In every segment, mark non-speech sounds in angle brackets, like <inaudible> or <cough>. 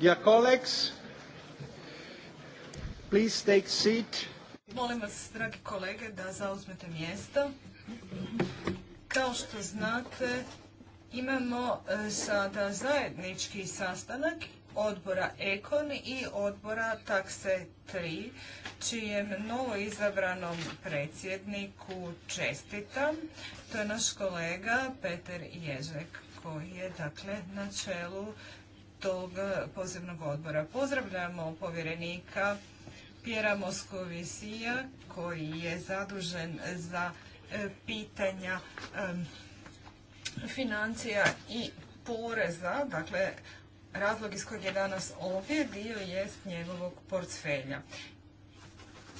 Dear colleagues, please take seat. Molim vas, dragi kolege, da zauzmete mjesto. Kao što znate, imamo e, sada zajednički sastanak odbora Ekon i odbora Takse 3, čijem novo izabranom predsjedniku čestitam. To je naš kolega Peter Ježek koji je dakle na čelu tog pozivnog odbora. Pozdravljamo povjerenika Pjera Moskovisija koji je zadužen za e, pitanja financija i poreza, dakle razlog iz kojeg je danas ovdje dio jest njegovog portfelja.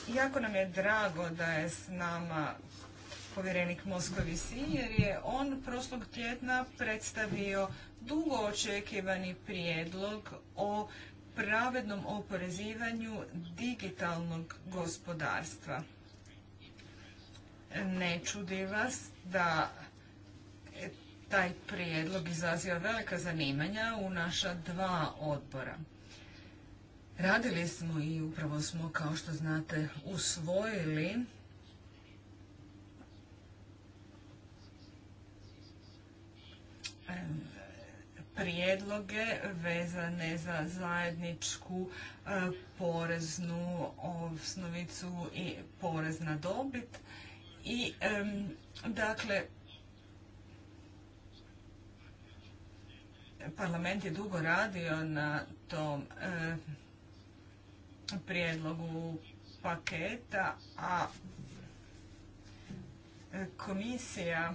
Jako nam je drago da je s nama povjerenik Moskovici jer je on prošlog tjedna predstavio dugo očekivani prijedlog o pravednom oporezivanju digitalnog gospodarstva. Ne čudi vas da taj prijedlog izaziva velika zanimanja u naša dva odbora. Radili smo i upravo smo, kao što znate, usvojili prijedloge vezane za zajedničku e, poreznu osnovicu i porez na dobit. I dakle, parlament je dugo radio na tom e, prijedlogu paketa, a e, komisija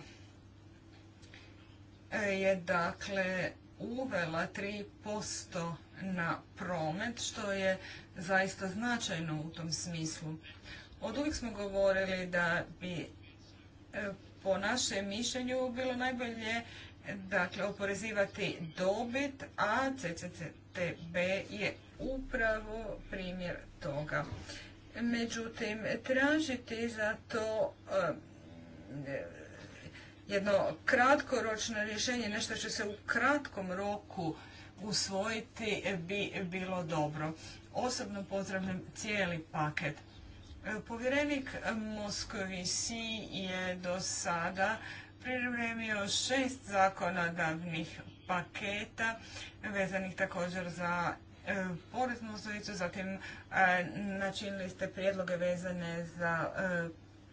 E, je dakle uvela 3% na promet, što je zaista značajno u tom smislu. Od uvijek smo govorili da bi e, po našem mišljenju bilo najbolje dakle, oporezivati dobit, a CCCTB je upravo primjer toga. Međutim, tražiti za to e, jedno kratkoročno rješenje, nešto će se u kratkom roku usvojiti bi bilo dobro. Osobno pozdravljam cijeli paket. E, povjerenik si je do sada pripremio šest zakonodavnih paketa vezanih također za e, poreznu osnovicu, zatim e, načinili ste prijedloge vezane za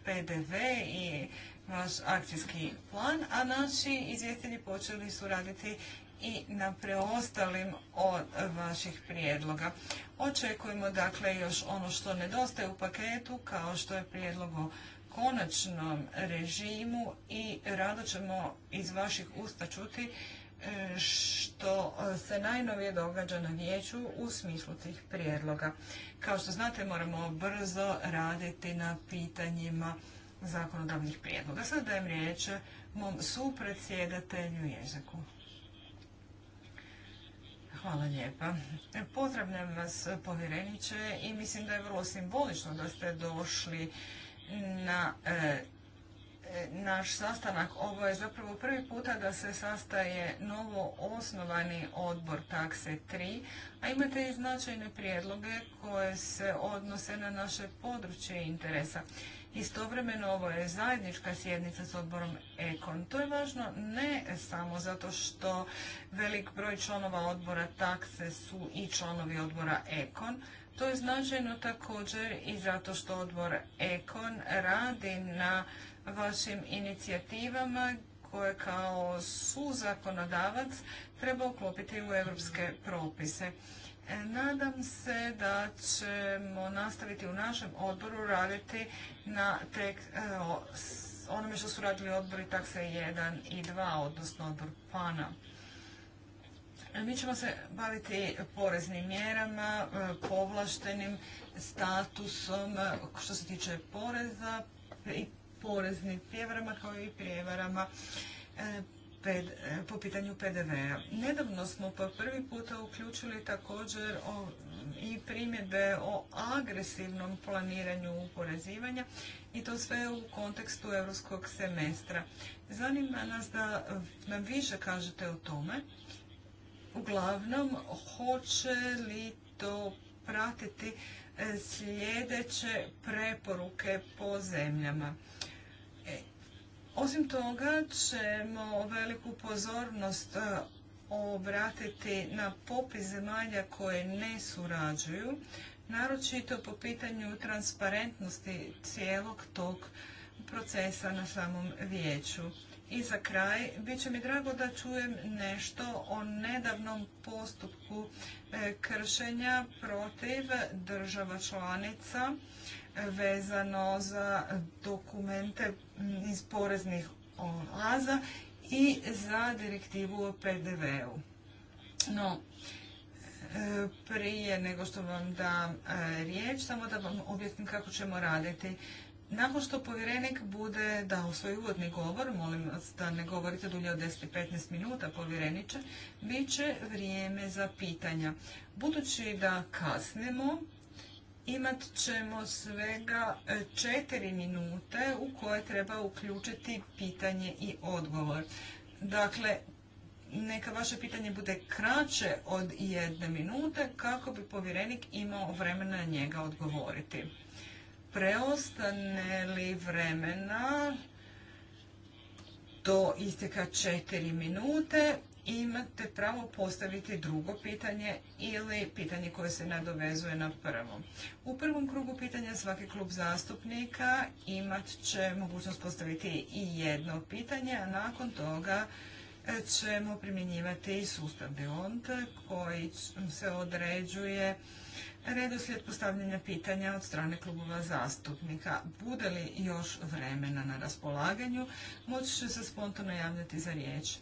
PDV i vaš akcijski plan, a naši izvjestitelji počeli su raditi i na preostalim od vaših prijedloga. Očekujemo dakle još ono što nedostaje u paketu kao što je prijedlog o konačnom režimu i rado ćemo iz vaših usta čuti e, što se najnovije događa na vijeću u smislu tih prijedloga. Kao što znate moramo brzo raditi na pitanjima zakonodavnih prijedloga. Sada dajem riječ mom supredsjedatelju jeziku. Hvala lijepa. Pozdravljam vas povjereniče i mislim da je vrlo simbolično da ste došli na e, naš sastanak. Ovo je zapravo prvi puta da se sastaje novo osnovani odbor takse 3, a imate i značajne prijedloge koje se odnose na naše područje interesa. Istovremeno ovo je zajednička sjednica s odborom Ekon. To je važno ne samo zato što velik broj članova odbora takse su i članovi odbora Ekon, to je značajno također i zato što odbor Ekon radi na vašim inicijativama koje kao suzakonodavac treba uklopiti u europske propise. E, nadam se da ćemo nastaviti u našem odboru raditi na tek e, onome što su radili odbori takse 1 i 2, odnosno odbor PANA. E, mi ćemo se baviti poreznim mjerama, povlaštenim statusom što se tiče poreza i poreznim prijevarama kao i prijevarama po pitanju PDV-a. Nedavno smo po prvi puta uključili također i primjedbe o agresivnom planiranju uporezivanja i to sve u kontekstu europskog semestra. Zanima nas da nam više kažete o tome. Uglavnom, hoće li to pratiti e, sljedeće preporuke po zemljama? E, osim toga ćemo veliku pozornost e, obratiti na popis zemalja koje ne surađuju, naročito po pitanju transparentnosti cijelog tog procesa na samom vijeću. I za kraj, bit će mi drago da čujem nešto o nedavnom postupku e, kršenja protiv država članica vezano za dokumente mm, iz poreznih oaza i za direktivu o PDV-u. No, e, prije nego što vam dam e, riječ, samo da vam objasnim kako ćemo raditi. Nakon što povjerenik bude dao svoj uvodni govor, molim vas da ne govorite dulje od 10-15 minuta povjereniče, bit će vrijeme za pitanja. Budući da kasnemo, imat ćemo svega e, četiri minute u koje treba uključiti pitanje i odgovor. Dakle, neka vaše pitanje bude kraće od jedne minute kako bi povjerenik imao vremena na njega odgovoriti. Preostane li vremena do isteka četiri minute, imate pravo postaviti drugo pitanje ili pitanje koje se nadovezuje na prvo. U prvom krugu pitanja svaki klub zastupnika imat će mogućnost postaviti i jedno pitanje, a nakon toga e, ćemo primjenjivati sustav DEONT koji se određuje redoslijed postavljanja pitanja od strane klubova zastupnika. Bude li još vremena na raspolaganju, moći će se spontano javljati za riječ.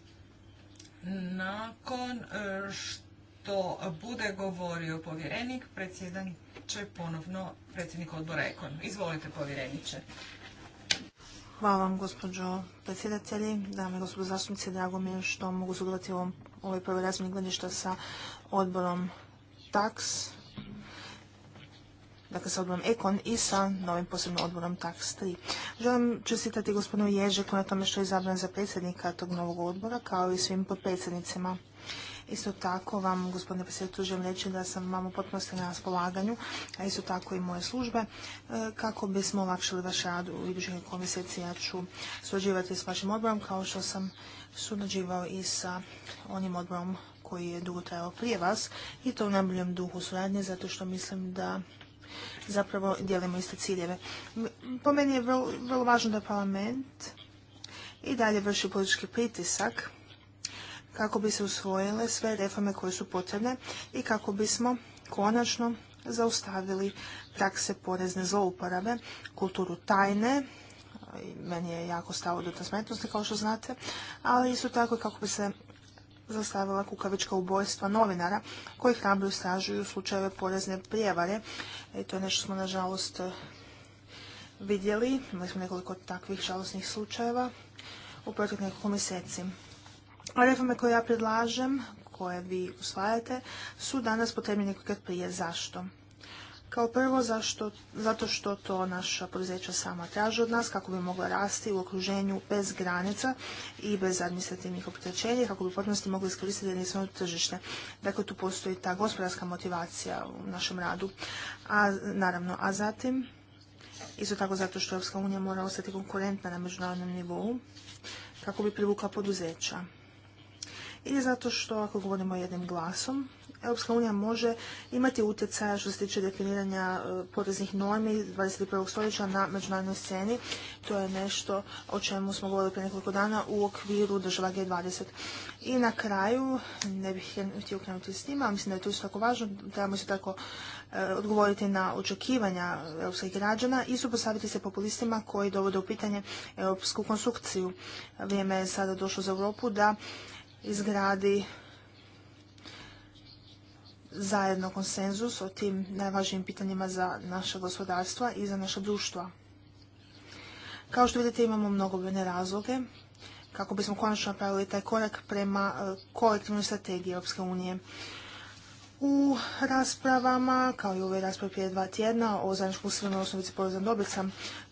Nakon e, što bude govorio povjerenik, predsjedan će ponovno predsjednik odbora Ekon. Izvolite povjereniče. Hvala vam, gospođo predsjedatelji, dame i gospodo zastupnici. Drago mi je što mogu sudjelovati ovaj ovoj prvoj sa odborom TAKS dakle sa odborom Ekon i sa novim posebnim odborom Tax 3. Želim čestitati gospodinu Ježeku na tome što je izabran za predsjednika tog novog odbora, kao i svim potpredsjednicima. Isto tako vam, gospodine predsjedatelju, želim reći da sam vam u potpunosti na raspolaganju, a isto tako i moje službe, e, kako bismo olakšali vaš rad u idućih nekoliko mjeseci. Ja ću surađivati s vašim odborom, kao što sam surađivao i sa onim odborom koji je dugo trajao prije vas i to u najboljem duhu suradnje, zato što mislim da zapravo dijelimo iste ciljeve. Po meni je vrlo, važno da parlament i dalje vrši politički pritisak kako bi se usvojile sve reforme koje su potrebne i kako bismo konačno zaustavili prakse porezne zlouporabe, kulturu tajne, meni je jako stalo do transparentnosti kao što znate, ali isto tako kako bi se zastavila kukavička ubojstva novinara koji hrabro istražuju slučajeve porezne prijevare. I e, to je nešto smo nažalost e, vidjeli. Imali smo nekoliko takvih žalosnih slučajeva u proteklih nekoliko mjeseci. Reforme koje ja predlažem, koje vi usvajate, su danas potrebni nekog prije. Zašto? Kao prvo, zato što to naša poduzeća sama traže od nas, kako bi mogla rasti u okruženju bez granica i bez administrativnih opterećenja, kako bi u potpunosti mogli iskoristiti jedinstveno tržište. Dakle, tu postoji ta gospodarska motivacija u našem radu. A, naravno, a zatim, isto tako zato što Europska unija mora ostati konkurentna na međunarodnom nivou, kako bi privukla poduzeća. Ili zato što, ako govorimo jednim glasom, Europska unija može imati utjecaja što se tiče definiranja e, poreznih normi 21. stoljeća na međunarodnoj sceni. To je nešto o čemu smo govorili prije nekoliko dana u okviru država G20. I na kraju, ne bih htio krenuti s njima, mislim da je to isto tako važno, trebamo se tako e, odgovoriti na očekivanja europskih građana i supostaviti se populistima koji dovode u pitanje europsku konstrukciju. Vrijeme je sada došlo za Europu da izgradi zajedno konsenzus o tim najvažnijim pitanjima za naše gospodarstva i za naše društva. Kao što vidite imamo mnogobrojne razloge kako bismo konačno napravili taj korak prema e, kolektivnoj strategiji Europske unije. U raspravama, kao i u ovoj raspravi prije dva tjedna o zajedničkom usrednoj osnovici poreza dobit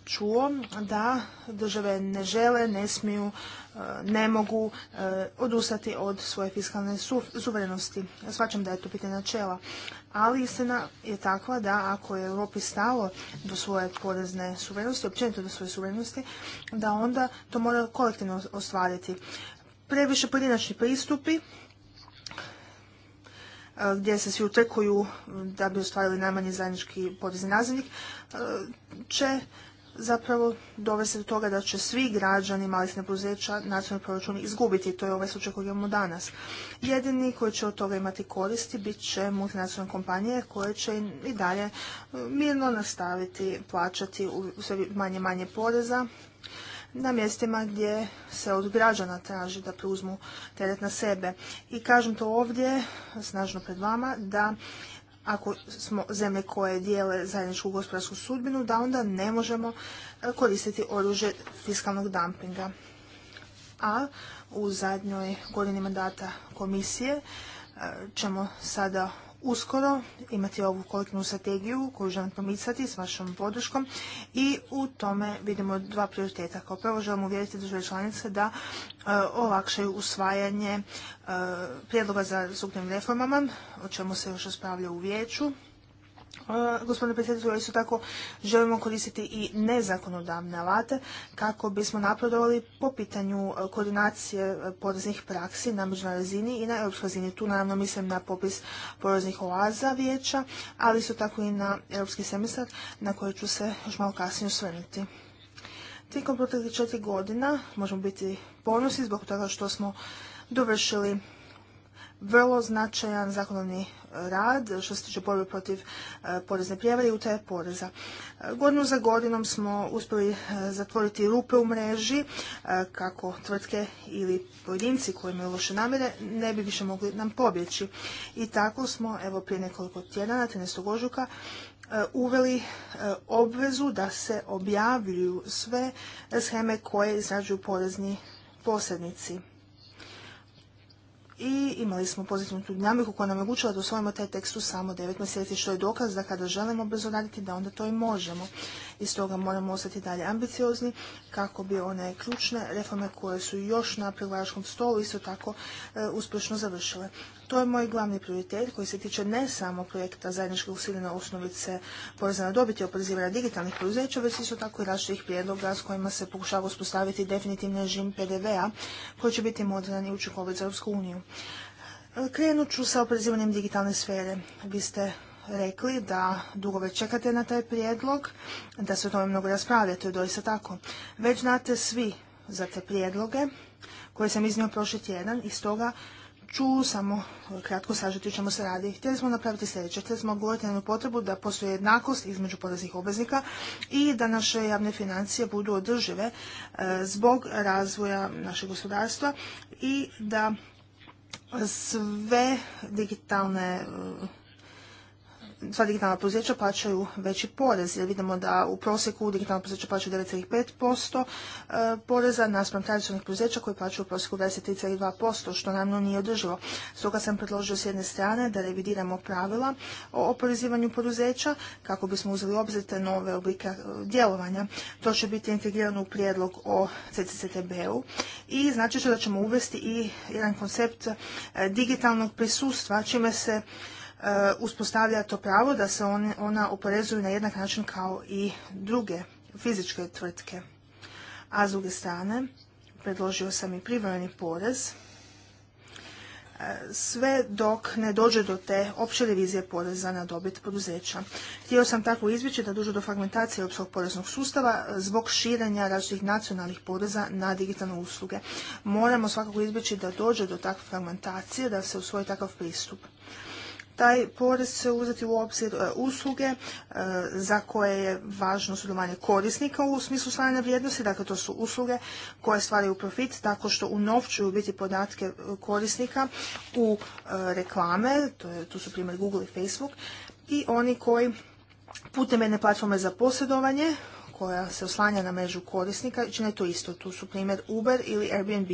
čuo da države ne žele, ne smiju, e, ne mogu e, odustati od svoje fiskalne suverenosti. Ja svačam da je to pitanje načela. Ali istina je takva da ako je Europi stalo do svoje porezne suverenosti, općenito do svoje suverenosti, da onda to mora kolektivno ostvariti. Previše pojedinačni pristupi e, gdje se svi utekuju da bi ostvarili najmanji zajednički porezni nazivnik, će zapravo dovesti do toga da će svi građani malih poduzeća nacionalni proračun izgubiti. To je ovaj slučaj koji imamo danas. Jedini koji će od toga imati koristi bit će multinacionalne kompanije koje će i dalje mm, mirno nastaviti plaćati u sve manje manje poreza na mjestima gdje se od građana traži da preuzmu teret na sebe. I kažem to ovdje snažno pred vama da ako smo zemlje koje dijele zajedničku gospodarsku sudbinu, da onda ne možemo e, koristiti oružje fiskalnog dumpinga. A u zadnjoj godini mandata komisije e, ćemo sada uskoro imati ovu kolektivnu strategiju koju želim promicati s vašom podrškom i u tome vidimo dva prioriteta. Kao prvo želimo uvjeriti države članice da e, olakšaju usvajanje e, prijedloga za strukturnim reformama, o čemu se još raspravlja u vijeću Gospodine predsjedatelju, isto tako želimo koristiti i nezakonodavne alate kako bismo napredovali po pitanju e, koordinacije e, poreznih praksi na međunoj razini i na europskoj razini. Tu naravno mislim na popis poreznih oaza vijeća, ali isto tako i na europski semestar na koji ću se još malo kasnije osvrnuti. Tijekom proteklih četiri godina možemo biti ponosni zbog toga što smo dovršili vrlo značajan zakonodavni e, rad što se tiče borbe protiv e, porezne prijevare i utaje poreza. E, godinu za godinom smo uspjeli zatvoriti rupe u mreži kako tvrtke ili pojedinci koji imaju loše namjere ne bi više mogli nam pobjeći. I tako smo evo prije nekoliko tjedana, 13. ožujka, uveli obvezu da se objavljuju sve sheme koje izrađuju porezni posrednici i imali smo pozitivnu dinamiku koja nam je učila da usvojimo taj tekst u samo 9 mjeseci, što je dokaz da kada želimo brzo raditi, da onda to i možemo. I stoga moramo ostati dalje ambiciozni kako bi one ključne reforme koje su još na pregledačkom stolu isto tako e, uspješno završile. To je moj glavni prioritet koji se tiče ne samo projekta zajedničke usiljene osnovice poreza na dobiti i oporezivanja digitalnih poduzeća, već isto tako i različitih prijedloga s kojima se pokušava uspostaviti definitivni režim PDV-a koji će biti modern i učinkovit za Europsku uniju. Krenut ću sa oporezivanjem digitalne sfere. Vi ste rekli da dugo već čekate na taj prijedlog, da se o tome mnogo raspravlja, to je doista tako. Već znate svi za te prijedloge koje sam iznio prošli tjedan i stoga ću samo kratko sažeti o čemu se radi. Htjeli smo napraviti sljedeće. Htjeli smo govoriti na potrebu da postoji jednakost između poreznih obveznika i da naše javne financije budu održive e, zbog razvoja našeg gospodarstva i da sve digitalne sva digitalna poduzeća plaćaju veći porez, jer vidimo da u prosjeku digitalna poduzeća plaćaju 9,5% e, poreza naspram tradicionalnih poduzeća koji plaćaju u prosjeku 23,2%, što naravno nije održivo. Stoga sam predložio s jedne strane da revidiramo pravila o oporezivanju poduzeća kako bismo uzeli obzir te nove oblike e, djelovanja. To će biti integrirano u prijedlog o CCCTB-u i znači će da ćemo uvesti i jedan koncept e, digitalnog prisustva, čime se E, uspostavlja to pravo da se ona oporezuju na jednak način kao i druge fizičke tvrtke. A s druge strane, predložio sam i privremeni porez, e, sve dok ne dođe do te opće revizije poreza na dobit poduzeća. Htio sam tako izbjeći da dođe do fragmentacije opskog poreznog sustava zbog širenja različitih nacionalnih poreza na digitalne usluge. Moramo svakako izbjeći da dođe do takve fragmentacije, da se usvoji takav pristup taj porez uzeti u obzir e, usluge e, za koje je važno sudjelovanje korisnika u smislu stvaranja vrijednosti, dakle to su usluge koje stvaraju profit tako što unovčuju biti podatke e, korisnika u reklame, to je, tu su primjer Google i Facebook, i oni koji putem jedne platforme za posjedovanje koja se oslanja na mrežu korisnika čine to isto. Tu su primjer Uber ili Airbnb.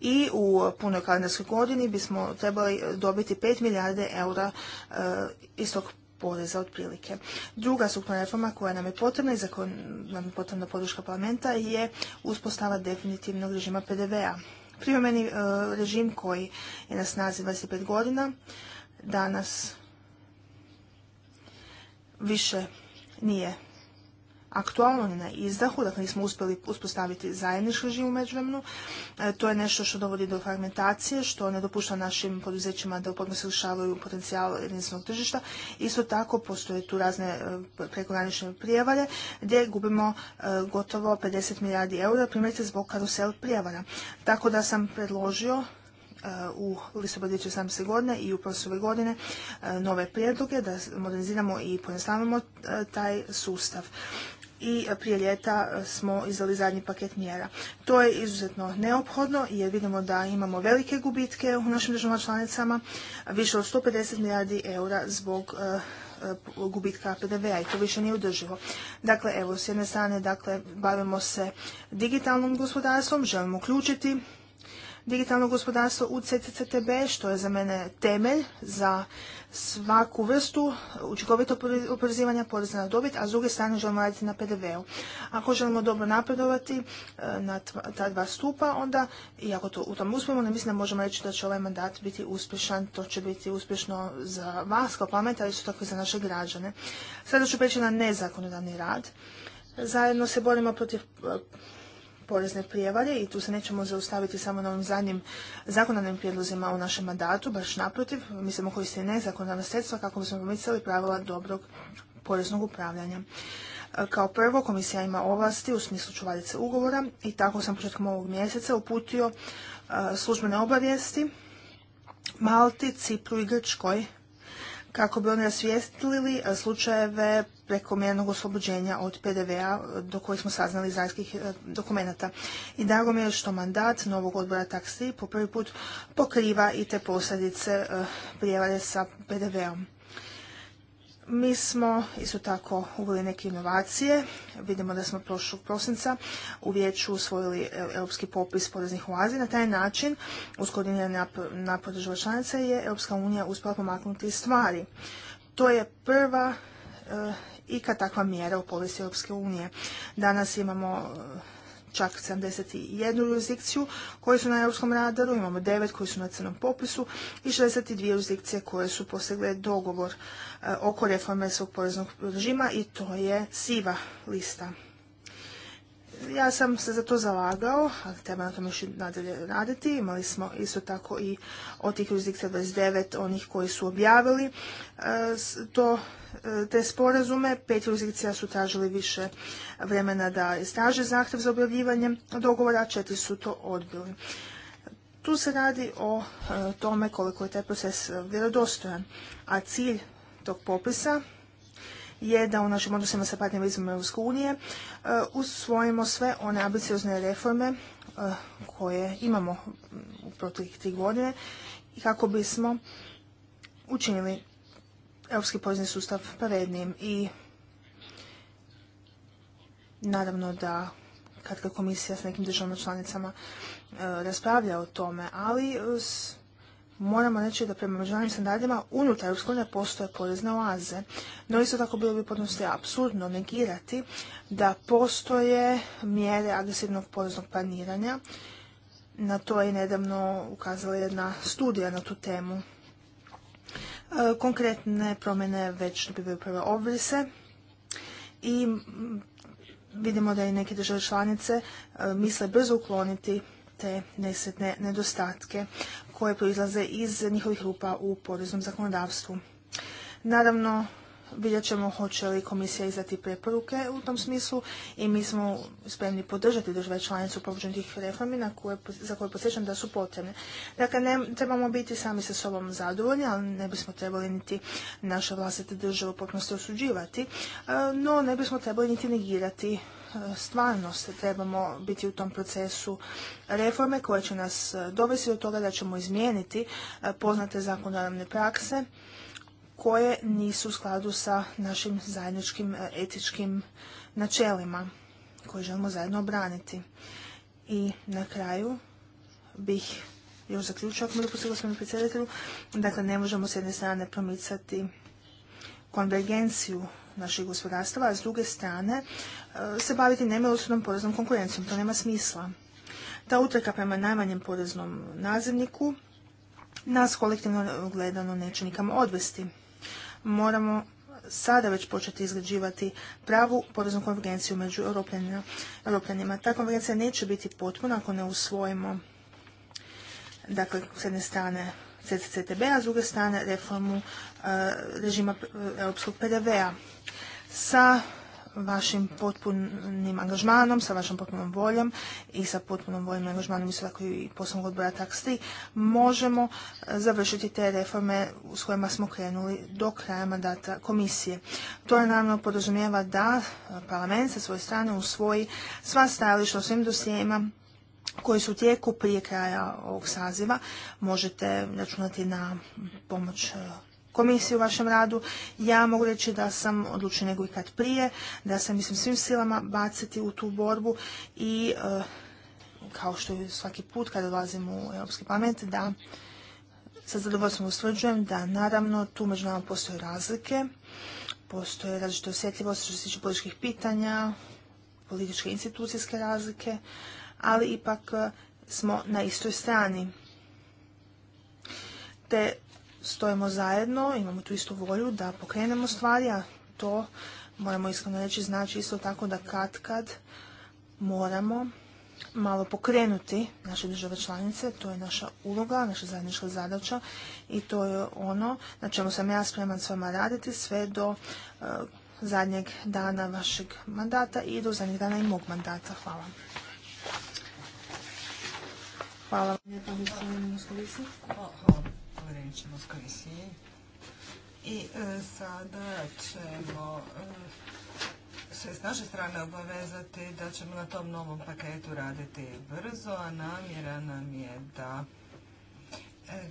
I u punoj kalendarskoj godini bismo trebali dobiti 5 milijarde eura istog eh, iz tog poreza otprilike. Druga sukna reforma koja nam je potrebna i za koju nam je potrebna podrška parlamenta je uspostava definitivnog režima PDV-a. Privremeni eh, režim koji je na snazi 25 godina danas više nije aktualno ni na izdahu, dakle nismo uspjeli uspostaviti zajednički režim u međuvremenu. E, to je nešto što dovodi do fragmentacije, što ne dopušta našim poduzećima da upotno se potencijal jedinstvenog tržišta. Isto tako postoje tu razne e, prekogranične prijevare gdje gubimo e, gotovo 50 milijardi eura, primjerice zbog karusel prijevara. Tako da sam predložio u listopadu 2018. godine i u prošle godine nove prijedloge da moderniziramo i pojednostavimo taj sustav i prije ljeta smo izdali zadnji paket mjera. To je izuzetno neophodno jer vidimo da imamo velike gubitke u našim državama članicama, više od 150 milijardi eura zbog e, e, gubitka PDV-a i to više nije udrživo. Dakle, evo, s jedne strane, dakle, bavimo se digitalnom gospodarstvom, želimo uključiti digitalno gospodarstvo u CCCTB, što je za mene temelj za svaku vrstu učinkovito oporezivanja poreza na dobit, a s druge strane želimo raditi na PDV-u. Ako želimo dobro napredovati e, na ta dva stupa, onda i ako to u tom uspijemo, ne mislim da možemo reći da će ovaj mandat biti uspješan, to će biti uspješno za vas kao pamet, ali isto tako i za naše građane. Sada ću preći na nezakonodavni rad. Zajedno se borimo protiv e, porezne prijevare i tu se nećemo zaustaviti samo na ovim zadnjim zakonodavnim prijedlozima u našem mandatu, baš naprotiv, mi smo koristili nezakonodavna sredstva kako bismo pomicali pravila dobrog poreznog upravljanja. Kao prvo, komisija ima ovlasti u smislu čuvarice ugovora i tako sam početkom ovog mjeseca uputio službene obavijesti Malti, Cipru i Grčkoj kako bi oni osvijestili e, slučajeve prekomjernog oslobođenja od PDV-a e, do kojih smo saznali zajskih e, dokumenata. I drago mi je što mandat novog odbora taksi po prvi put pokriva i te posljedice prijevare sa PDV-om. Mi smo isto tako uveli neke inovacije. Vidimo da smo prošlog prosinca u vijeću usvojili e, europski popis poreznih oazi. Na taj način, uz koordiniranje na podržava članica, je Europska unija uspjela pomaknuti stvari. To je prva e, ikad takva mjera u povijesti Europske unije. Danas imamo e, čak 71 jurisdikciju koje su na europskom radaru, imamo 9 koji su na crnom popisu i 62 jurisdikcije koje su postigle dogovor e, oko reforme svog poreznog režima i to je siva lista ja sam se za to zalagao, ali treba na tom još nadalje raditi. Imali smo isto tako i od tih jurisdikcija 29 onih koji su objavili e, to, e, te sporazume. Pet jurisdikcija su tražili više vremena da istraže zahtjev za objavljivanje dogovora, četiri su to odbili. Tu se radi o e, tome koliko je taj proces vjerodostojan, a cilj tog popisa je da u našim odnosima sa partnerima izvom Europske unije eh, usvojimo sve one ambiciozne reforme eh, koje imamo u proteklih tri godine i kako bismo učinili europski porezni sustav pravednijim i naravno da kad komisija s nekim državama članicama eh, raspravlja o tome, ali moramo reći da prema međunarodnim standardima unutar EU postoje porezne oaze. No isto tako bilo bi potnosti apsurdno negirati da postoje mjere agresivnog poreznog planiranja. Na to je nedavno ukazala jedna studija na tu temu. E, konkretne promjene već dobivaju prve obrise i vidimo da i neke države članice e, misle brzo ukloniti te nesretne nedostatke koje proizlaze iz njihovih rupa u poreznom zakonodavstvu. Naravno, vidjet ćemo hoće li komisija izdati preporuke u tom smislu i mi smo spremni podržati države članice u provođenju tih reformi za koje posjećam da su potrebne. Dakle, ne trebamo biti sami sa sobom zadovoljni, ali ne bismo trebali niti naše vlastite države u potpunosti osuđivati, e, no ne bismo trebali niti negirati stvarnost. Trebamo biti u tom procesu reforme koje će nas e, dovesti do toga da ćemo izmijeniti e, poznate zakonodavne prakse koje nisu u skladu sa našim zajedničkim e, etičkim načelima koje želimo zajedno obraniti. I na kraju bih još zaključio, ako mi dopustite gospodinu predsjedatelju, dakle ne možemo s jedne strane promicati konvergenciju naših gospodarstava, a s druge strane e, se baviti nemilosudnom poreznom konkurencijom. To nema smisla. Ta utreka prema najmanjem poreznom nazivniku nas kolektivno gledano neće nikamo odvesti. Moramo sada već početi izgrađivati pravu poreznu konvergenciju među europljanima. Ta konvergencija neće biti potpuna ako ne usvojimo dakle, s jedne strane CCCTB, a s druge strane reformu Eh, režima eh, europskog PDV-a. Sa vašim potpunim angažmanom, sa vašom potpunom voljom i sa potpunom voljom angažmanom isto tako i poslovnog odbora tax možemo eh, završiti te reforme s kojima smo krenuli do kraja mandata komisije. To je naravno podrazumijeva da parlament sa svoje strane usvoji sva stajališta o svim dosijema koji su u tijeku prije kraja ovog saziva. Možete računati na pomoć komisiji u vašem radu. Ja mogu reći da sam odlučio nego ikad prije, da sam mislim svim silama baciti u tu borbu i eh, kao što je svaki put kada dolazim u Europski parlament da sa zadovoljstvom ustvrđujem da naravno tu među nama postoje razlike, postoje različite osjetljivosti što se tiče političkih pitanja, političke institucijske razlike, ali ipak eh, smo na istoj strani. Te stojimo zajedno, imamo tu istu volju da pokrenemo stvari, a to moramo iskreno reći znači isto tako da kad kad moramo malo pokrenuti naše države članice, to je naša uloga, naša zajednička zadaća i to je ono na čemu sam ja spreman s vama raditi sve do e, zadnjeg dana vašeg mandata i do zadnjeg dana i mog mandata. Hvala. Hvala ćemo s I e, sada ćemo e, se s naše strane obavezati da ćemo na tom novom paketu raditi brzo, a namjera nam je da e,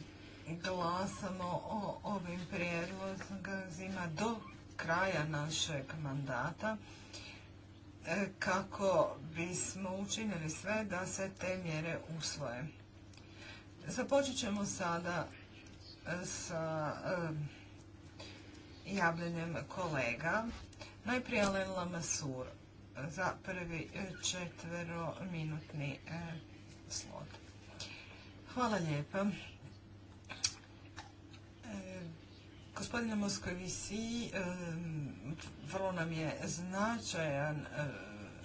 glasamo o ovim prijedlozima do kraja našeg mandata kako bismo učinili sve da se te mjere usvoje. Započet ćemo sada sa javljanjem kolega. Najprije Lela Masur za prvi e, četverominutni e, slot. Hvala lijepa. E, gospodine Moskovici, vrlo nam je značajan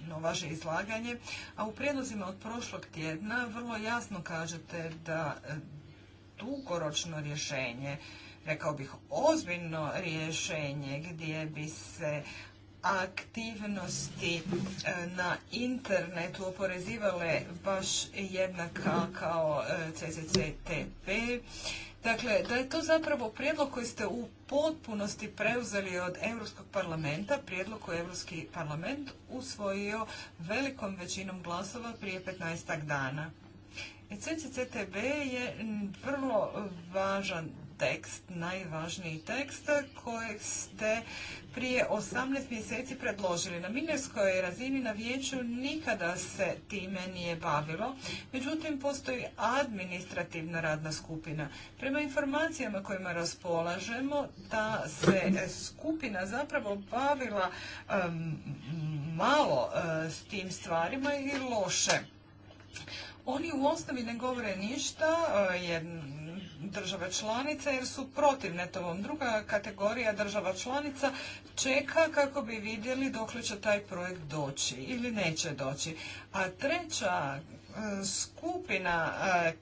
no vaše izlaganje, a u prijedlozima od prošlog tjedna vrlo jasno kažete da dugoročno rješenje, rekao bih ozbiljno rješenje gdje bi se aktivnosti e, na internetu oporezivale baš jednaka kao e, CCCTP. Dakle, da je to zapravo prijedlog koji ste u potpunosti preuzeli od Europskog parlamenta, prijedlog koji je Europski parlament usvojio velikom većinom glasova prije 15 dana. CTB je vrlo važan tekst, najvažniji tekst kojeg ste prije 18 mjeseci predložili. Na minerskoj razini na vijeću nikada se time nije bavilo, međutim postoji administrativna radna skupina. Prema informacijama kojima raspolažemo, ta se skupina zapravo bavila malo s tim stvarima i loše. Oni u osnovi ne govore ništa, eh, jer države članice jer su protiv netovom. Druga kategorija država članica čeka kako bi vidjeli dokle će taj projekt doći ili neće doći. A treća eh, skupina eh,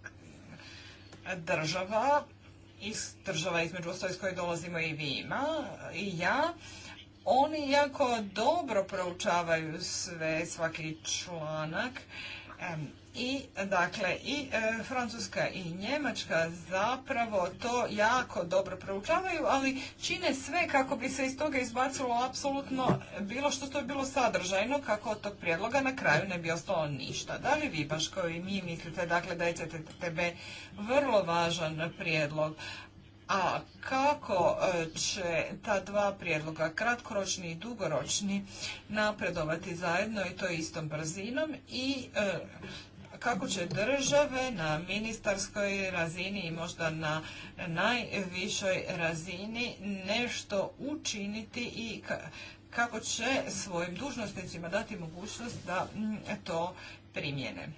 država, iz država između ostalih iz koje dolazimo i vi ima, i ja, oni jako dobro proučavaju sve, svaki članak, i dakle i e, Francuska i Njemačka zapravo to jako dobro proučavaju, ali čine sve kako bi se iz toga izbacilo apsolutno bilo što to je bilo sadržajno, kako od tog prijedloga na kraju ne bi ostalo ništa. Da li vi baš kao i mi mislite dakle da je tebe vrlo važan prijedlog, a kako e, će ta dva prijedloga, kratkoročni i dugoročni, napredovati zajedno i to istom brzinom i e, kako će države na ministarskoj razini i možda na najvišoj razini nešto učiniti i kako će svojim dužnosnicima dati mogućnost da mm, to primjene.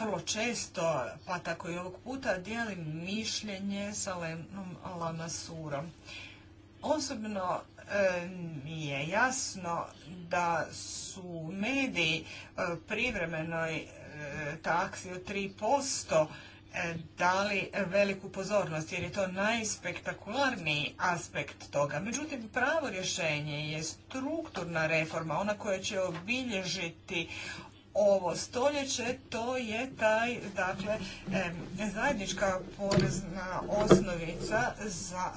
Vrlo često, pa tako i ovog puta, dijelim mišljenje sa Lenom Lamasurom. Osobno mi e, je jasno da su mediji e, privremenoj e, taksi od 3% dali veliku pozornost jer je to najspektakularniji aspekt toga. Međutim, pravo rješenje je strukturna reforma, ona koja će obilježiti ovo stoljeće, to je taj, dakle, zajednička porezna osnovica za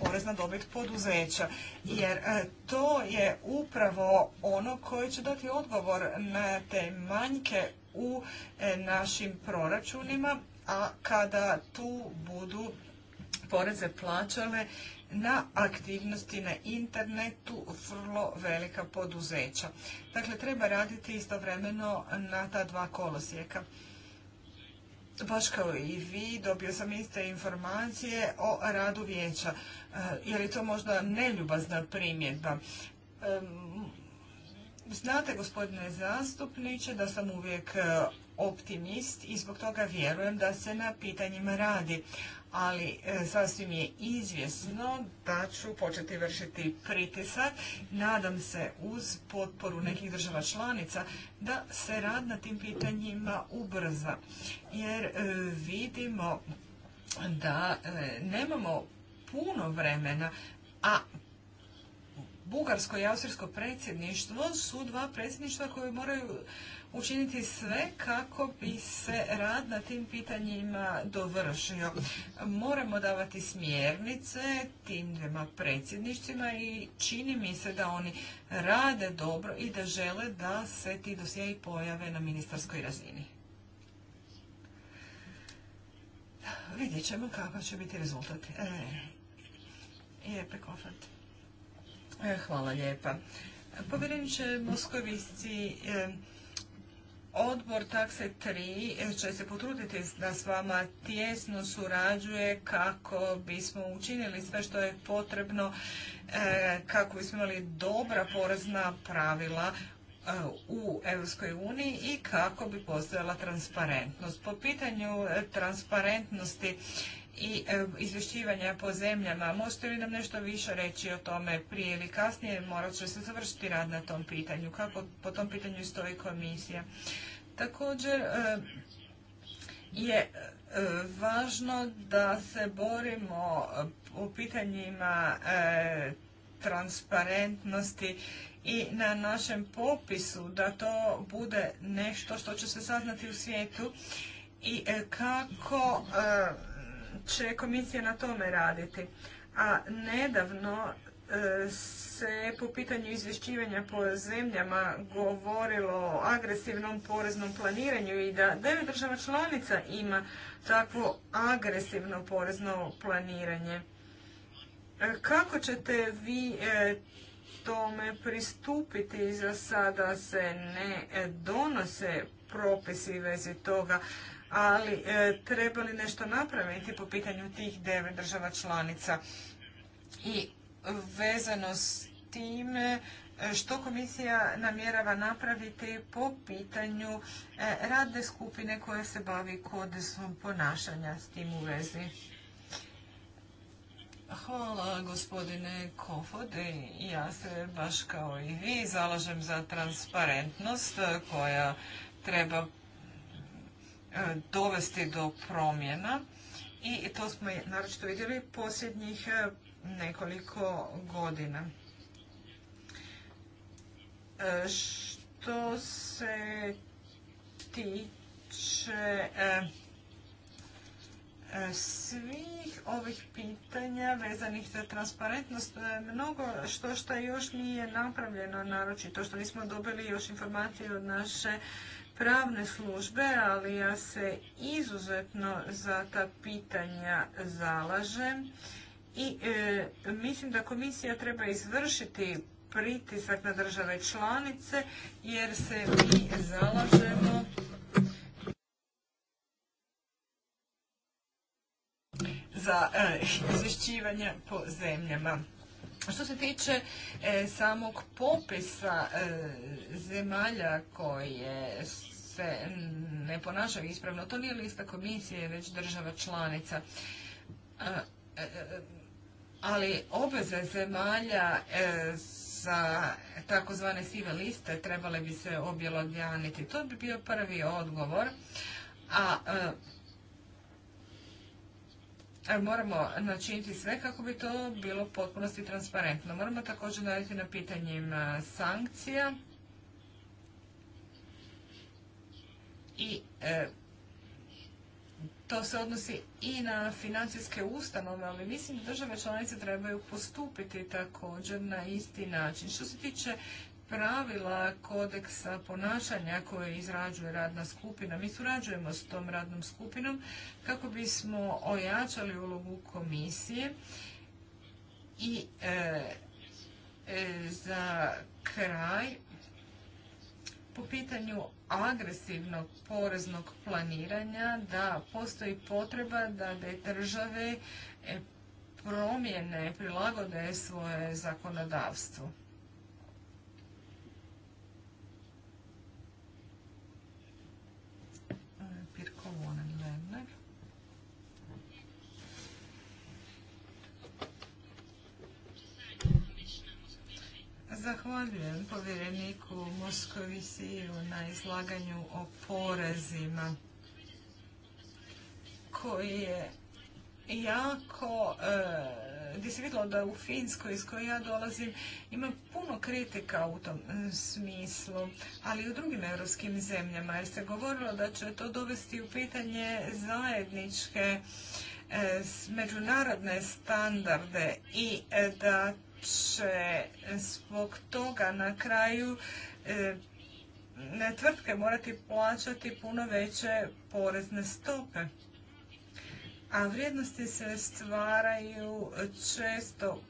porez na dobit poduzeća. Jer e, to je upravo ono koje će dati odgovor na te manjke u e, našim proračunima, a kada tu budu poreze plaćale na aktivnosti na internetu vrlo velika poduzeća. Dakle, treba raditi istovremeno na ta dva kolosijeka baš kao i vi, dobio sam iste informacije o radu vijeća. E, je li to možda neljubazna primjedba? znate, gospodine zastupniče, da sam uvijek optimist i zbog toga vjerujem da se na pitanjima radi. Ali e, sasvim je izvjesno da ću početi vršiti pritisak, nadam se uz potporu nekih država članica, da se rad na tim pitanjima ubrza. Jer e, vidimo da e, nemamo puno vremena, a Bugarsko i Austrijsko predsjedništvo su dva predsjedništva koje moraju učiniti sve kako bi se rad na tim pitanjima dovršio. Moramo davati smjernice tim dvema predsjedništvima i čini mi se da oni rade dobro i da žele da se ti dosjei pojave na ministarskoj razini. Vidjet ćemo kakav će biti rezultat. E, e, hvala lijepa. Povjereniče Moskovici, e, Odbor takse 3 će se potruditi da s vama tjesno surađuje kako bismo učinili sve što je potrebno e, kako bismo imali dobra porezna pravila e, u Europskoj uniji i kako bi postojala transparentnost. Po pitanju e, transparentnosti i e, izvješćivanja po zemljama. Možete li nam nešto više reći o tome prije ili kasnije? Morat će se završiti rad na tom pitanju. Kako po tom pitanju stoji komisija? Također e, je e, važno da se borimo u pitanjima transparentnosti i na našem popisu da to bude nešto što će se saznati u svijetu i kako će komisija na tome raditi. A nedavno e, se po pitanju izvješćivanja po zemljama govorilo o agresivnom poreznom planiranju i da devet država članica ima takvo agresivno porezno planiranje. E, kako ćete vi e, tome pristupiti? Za sada se ne donose propisi vezi toga ali e, treba li nešto napraviti po pitanju tih devet država članica? I vezano s time e, što komisija namjerava napraviti po pitanju e, radne skupine koja se bavi kodeksom ponašanja s tim u vezi. Hvala gospodine Kofod. Ja se baš kao i vi zalažem za transparentnost koja treba E, dovesti do promjena i to smo naročito vidjeli posljednjih e, nekoliko godina. E, što se tiče svih ovih pitanja vezanih za transparentnost, mnogo što što još nije napravljeno, naročito što nismo dobili još informacije od naše pravne službe, ali ja se izuzetno za ta pitanja zalažem i e, mislim da komisija treba izvršiti pritisak na države članice jer se mi zalažemo za e, izvješćivanje po zemljama. Što se tiče e, samog popisa e, zemalja koje se ne ponašaju ispravno, to nije lista komisije, već država članica. E, ali obveze zemalja za takozvane sive liste trebale bi se objelodjaniti. To bi bio prvi odgovor. A E, moramo načiniti sve kako bi to bilo potpunosti transparentno. Moramo također raditi na pitanjima sankcija i e, to se odnosi i na financijske ustanove, ali mislim da države članice trebaju postupiti također na isti način. Što se tiče pravila kodeksa ponašanja koje izrađuje radna skupina. Mi surađujemo s tom radnom skupinom kako bismo ojačali ulogu komisije i e, e za kraj po pitanju agresivnog poreznog planiranja da postoji potreba da države e, promjene, prilagode svoje zakonodavstvo. Zahvaljujem povjereniku Moskovisiju na izlaganju o porezima koji je jako e, gdje se vidjelo da u Finskoj iz koje ja dolazim ima puno kritika u tom e, smislu, ali i u drugim europskim zemljama jer se govorilo da će to dovesti u pitanje zajedničke e, međunarodne standarde i da će zbog toga na kraju e, tvrtke morati plaćati puno veće porezne stope. A vrijednosti se stvaraju često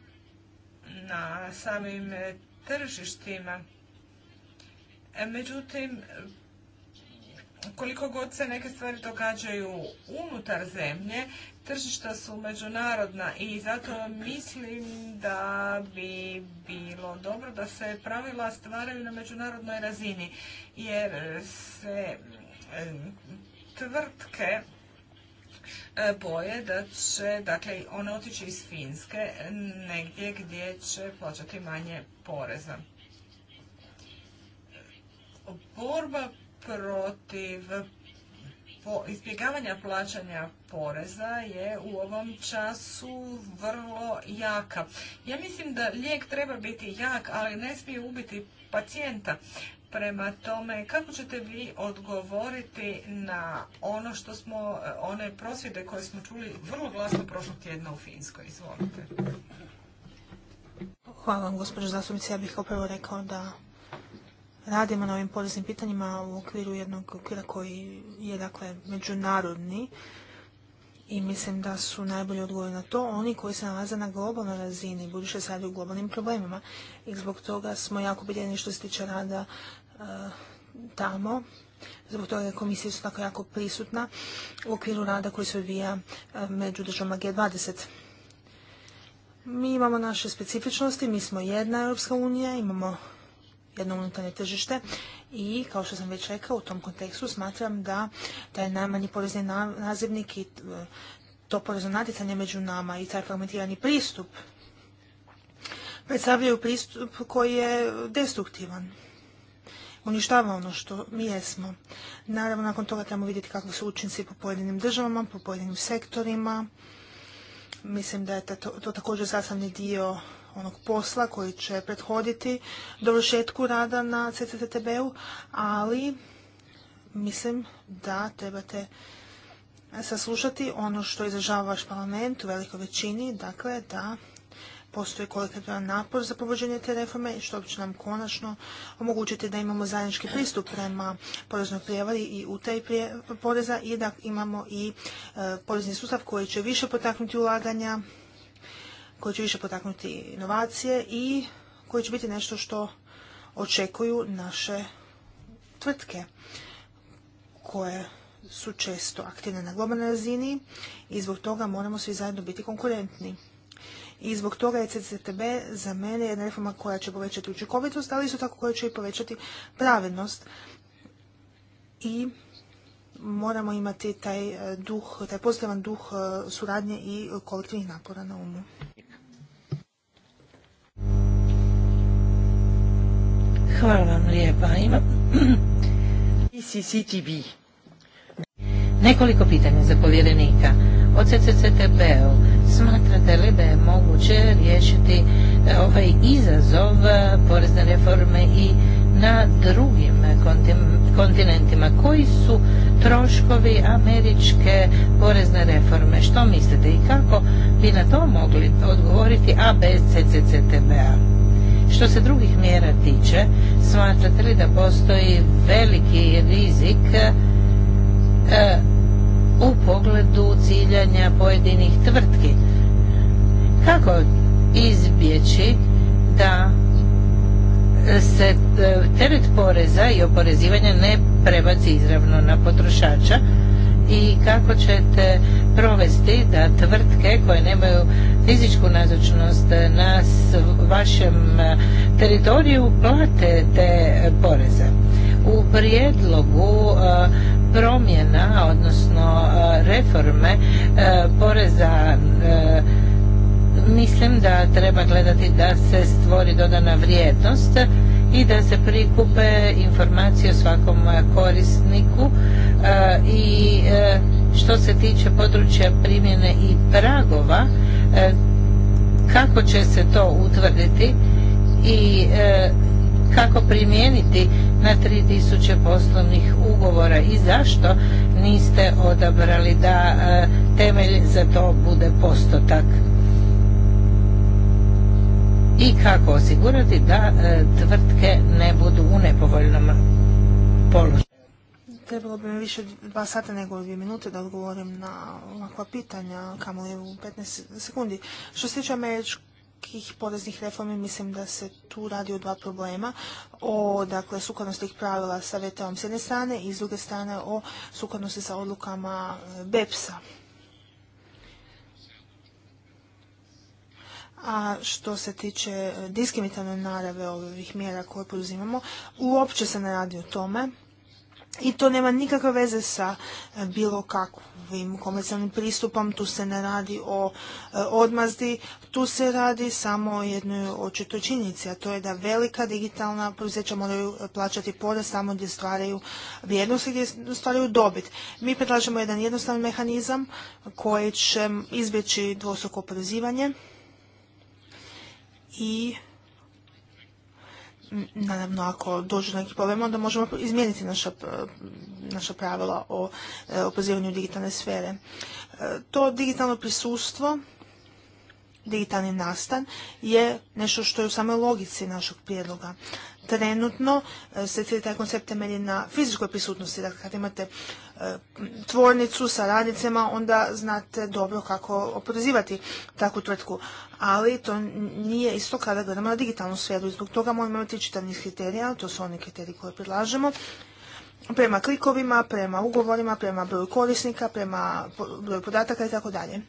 na samim e, tržištima. E, međutim, koliko god se neke stvari događaju unutar zemlje, tržišta su međunarodna i zato mislim da bi bilo dobro da se pravila stvaraju na međunarodnoj razini, jer se mm, tvrtke e, boje da će, dakle, one otići iz Finske negdje gdje će plaćati manje poreza. Borba protiv izbjegavanja plaćanja poreza je u ovom času vrlo jaka. Ja mislim da lijek treba biti jak, ali ne smije ubiti pacijenta. Prema tome, kako ćete vi odgovoriti na ono što smo, one prosvjede koje smo čuli vrlo glasno prošlog tjedna u Finskoj? Izvolite. Hvala vam, gospođo zastupnice. Ja bih opravo rekao da radimo na ovim poreznim pitanjima u okviru jednog okvira koji je dakle međunarodni i mislim da su najbolji odgovor na to oni koji se nalaze na globalnoj razini, buduće se radi u globalnim problemima. I zbog toga smo jako biljeni što se tiče rada eh, tamo. Zbog toga je komisija su tako jako prisutna u okviru rada koji se odvija eh, među državama G20. Mi imamo naše specifičnosti, mi smo jedna Europska unija, imamo jedno unutarnje tržište i kao što sam već rekao u tom kontekstu smatram da taj najmanji porezni nazivnik i e, to porezno natjecanje među nama i taj fragmentirani pristup predstavljaju pristup koji je destruktivan. Uništava ono što mi jesmo. Naravno, nakon toga trebamo vidjeti kakvi su učinci po pojedinim državama, po pojedinim sektorima. Mislim da je to, to također sastavni dio onog posla koji će prethoditi dovršetku rada na CCTB-u, ali mislim da trebate saslušati ono što izražava vaš parlament u velikoj većini, dakle da postoji kolektivan napor za provođenje te reforme, što će nam konačno omogućiti da imamo zajednički pristup prema poreznoj prijevari i taj poreza i da imamo i e, porezni sustav koji će više potaknuti ulaganja koji će više potaknuti inovacije i koji će biti nešto što očekuju naše tvrtke koje su često aktivne na globalnoj razini i zbog toga moramo svi zajedno biti konkurentni. I zbog toga je CCTB za mene jedna reforma koja će povećati učinkovitost, ali isto tako koja će i povećati pravednost. I moramo imati taj eh, duh, taj pozitivan duh eh, suradnje i kolektivnih napora na umu. Hvala vam lijepa. <clears throat> Nekoliko pitanja za povjerenika. O CCCTB-u smatrate li da je moguće riješiti e, ovaj izazov e, porezne reforme i na drugim kontinentima? Koji su troškovi američke porezne reforme? Što mislite i kako bi na to mogli odgovoriti, a bez CCCTB-a? Što se drugih mjera tiče, smatrate li da postoji veliki rizik e, e, u pogledu ciljanja pojedinih tvrtki? Kako izbjeći da se e, teret poreza i oporezivanja ne prebaci izravno na potrošača, i kako ćete provesti da tvrtke koje nemaju fizičku nazočnost na vašem e, teritoriju plate te poreze. U prijedlogu e, promjena, odnosno e, reforme poreza mislim da treba gledati da se stvori dodana vrijednost i da se prikupe informacije o svakom eh, korisniku eh, i eh, što se tiče područja primjene i pragova kako će se to utvrditi i kako primijeniti na 3000 poslovnih ugovora i zašto niste odabrali da temelj za to bude postotak i kako osigurati da e, tvrtke ne budu u nepovoljnom položaju. Trebalo bi mi više dva sata nego dvije minute da odgovorim na ovakva pitanja, kamo je u 15 sekundi. Što se tiče američkih poreznih reformi, mislim da se tu radi o dva problema. O dakle, sukladnosti pravila sa vto s jedne strane i s druge strane o sukladnosti sa odlukama e, BEPS-a a što se tiče e, diskriminatorne narave ovih mjera koje poduzimamo, uopće se ne radi o tome i to nema nikakve veze sa e, bilo kakvim komercijalnim pristupom, tu se ne radi o e, odmazdi, tu se radi samo o jednoj očitoj činjenici, a to je da velika digitalna poduzeća moraju plaćati porez samo gdje stvaraju vrijednosti, gdje stvaraju dobit. Mi predlažemo jedan jednostavan mehanizam koji će izbjeći dvostruko oporezivanje i naravno ako dođu neki problem, onda možemo izmijeniti naša, naša pravila o e, opozivanju digitalne sfere. E, to digitalno prisustvo, digitalni nastan je nešto što je u samoj logici našeg prijedloga trenutno e, se cijeli taj koncept temelji na fizičkoj prisutnosti. Dakle, kad imate e, tvornicu sa radnicama, onda znate dobro kako oporezivati takvu tvrtku. Ali to nije isto kada gledamo na digitalnu sferu. Zbog toga moramo imati čitavnih kriterija, to su oni kriteriji koje predlažemo. Prema klikovima, prema ugovorima, prema broju korisnika, prema broju podataka i tako dalje.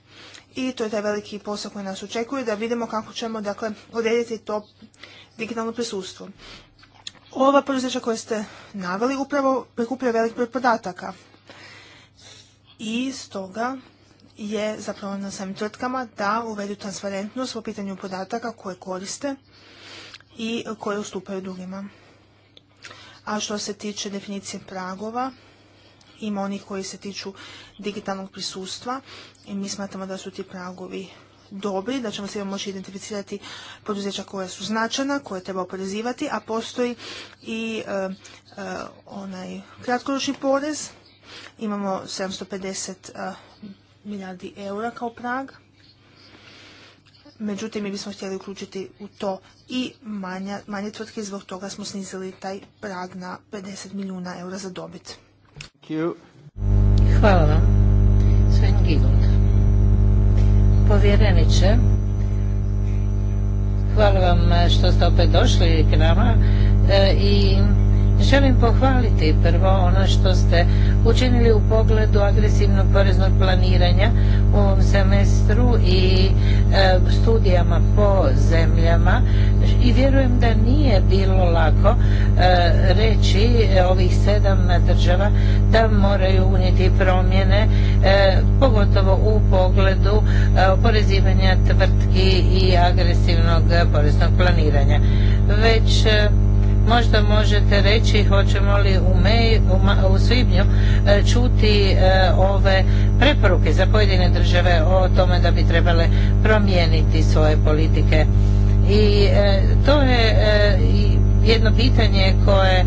I to je taj veliki posao koji nas očekuje da vidimo kako ćemo dakle, odrediti to digitalno prisustvo ova poduzeća koje ste naveli upravo prikupljaju velik broj podataka. I stoga je zapravo na samim tvrtkama da uvedu transparentnost po pitanju podataka koje koriste i koje ustupaju drugima. A što se tiče definicije pragova, ima onih koji se tiču digitalnog prisustva i mi smatramo da su ti pragovi dobri, da ćemo se moći identificirati poduzeća koja su značajna, koje treba oporezivati, a postoji i e, e, onaj kratkoročni porez. Imamo 750 e, milijardi eura kao prag. Međutim, mi bismo htjeli uključiti u to i manje, tvrtke i zbog toga smo snizili taj prag na 50 milijuna eura za dobit. Hvala vam. Povjereniče, hvala vam što ste opet došli k nama e, i Želim pohvaliti prvo ono što ste učinili u pogledu agresivnog poreznog planiranja u ovom semestru i e, studijama po zemljama i vjerujem da nije bilo lako e, reći e, ovih sedam država da moraju unijeti promjene pogotovo u pogledu oporezivanja tvrtki i agresivnog poreznog planiranja. Već Možda možete reći hoćemo li u, u, svibnju e, čuti e, ove preporuke za pojedine države o tome da bi trebale promijeniti svoje politike. I e, to je jedno pitanje koje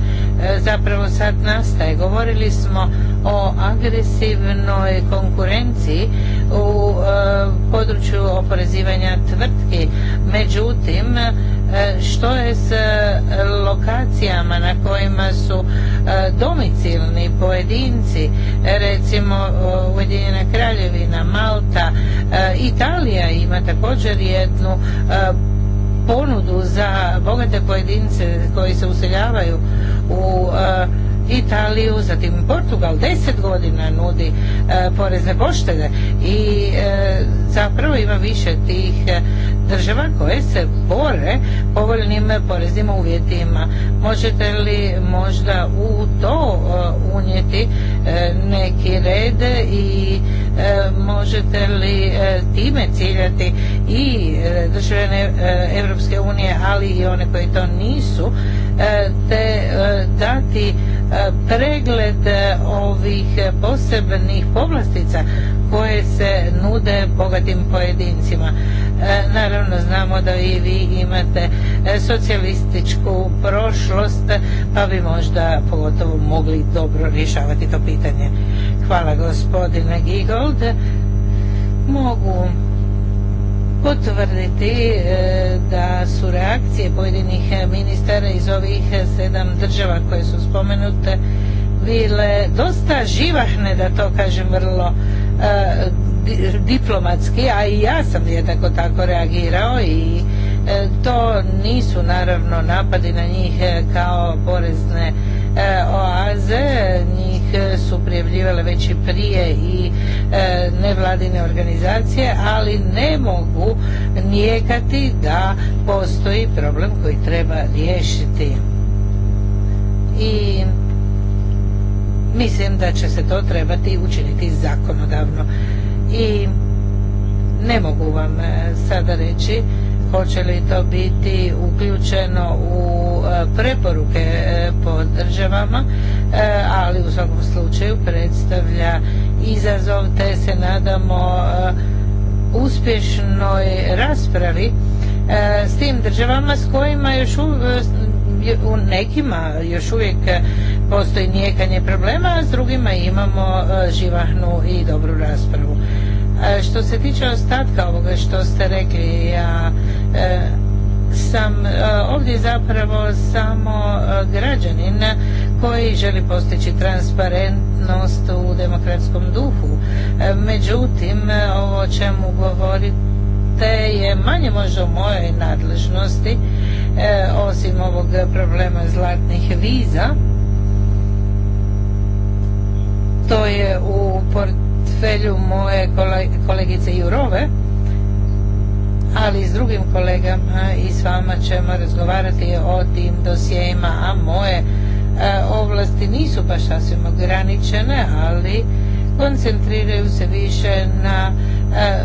zapravo sad nastaje. Govorili smo o agresivnoj konkurenciji u području oporezivanja tvrtki. Međutim, E, što je s e, lokacijama na kojima su e, domicilni pojedinci recimo Ujedinjena Kraljevina Malta Italija ima također jednu ponudu za bogate pojedince koji se useljavaju u Italiju, zatim Portugal deset godina nudi e, porezne poštede i e, zapravo ima više tih e, država koje se bore povoljnim poreznim uvjetima. Možete li možda u to unijeti neki red i možete li time ciljati i države Europske unije, ali i one koji to nisu E, te e, dati e, pregled ovih posebnih povlastica koje se nude bogatim pojedincima. Naravno znamo da i vi imate socijalističku prošlost pa bi možda pogotovo mogli dobro rješavati to pitanje. Hvala gospodine Gigold. Mogu potvrditi e, da su reakcije pojedinih e, ministara iz ovih e, sedam država koje su spomenute bile dosta živahne, da to kažem vrlo diplomatski, a i ja sam jednako tako reagirao i to nisu naravno napadi na njih kao porezne E, oaze, njih e, su prijavljivale već i prije i e, nevladine organizacije, ali ne mogu nijekati da postoji problem koji treba riješiti. I mislim da će se to trebati učiniti zakonodavno. I ne mogu vam sada reći hoće li to biti uključeno u e, preporuke e, po državama, e, ali u svakom slučaju predstavlja izazov te se nadamo uspješnoj raspravi s tim državama s kojima još u, u nekima još uvijek postoji nijekanje problema, a s drugima imamo živahnu i dobru raspravu. E, što se tiče ostatka ovoga što ste rekli, ja e, sam e, ovdje zapravo samo građanin koji želi postići transparentnost u demokratskom duhu. Međutim, ovo o čemu govorite je manje možda u mojoj nadležnosti, osim ovog problema zlatnih viza. To je u portu portfelju moje kolegice Jurove, ali s drugim kolegama i s vama ćemo razgovarati o tim dosijema, a moje e, ovlasti nisu baš sasvim ograničene, ali koncentriraju se više na e,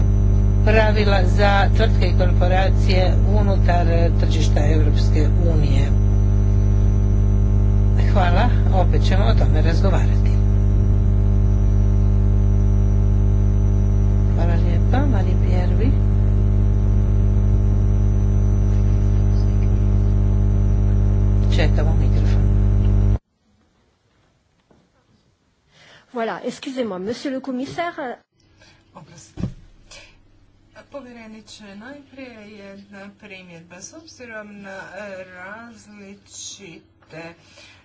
pravila za tvrtke i korporacije unutar tržišta Europske unije. Hvala, opet ćemo o tome razgovarati. lijepa, Mari Pjervi. Čekamo mikrofon. Voilà, excusez-moi, monsieur le commissaire. Oprostite. Povjereniče, najprije jedna primjedba. S obzirom na različite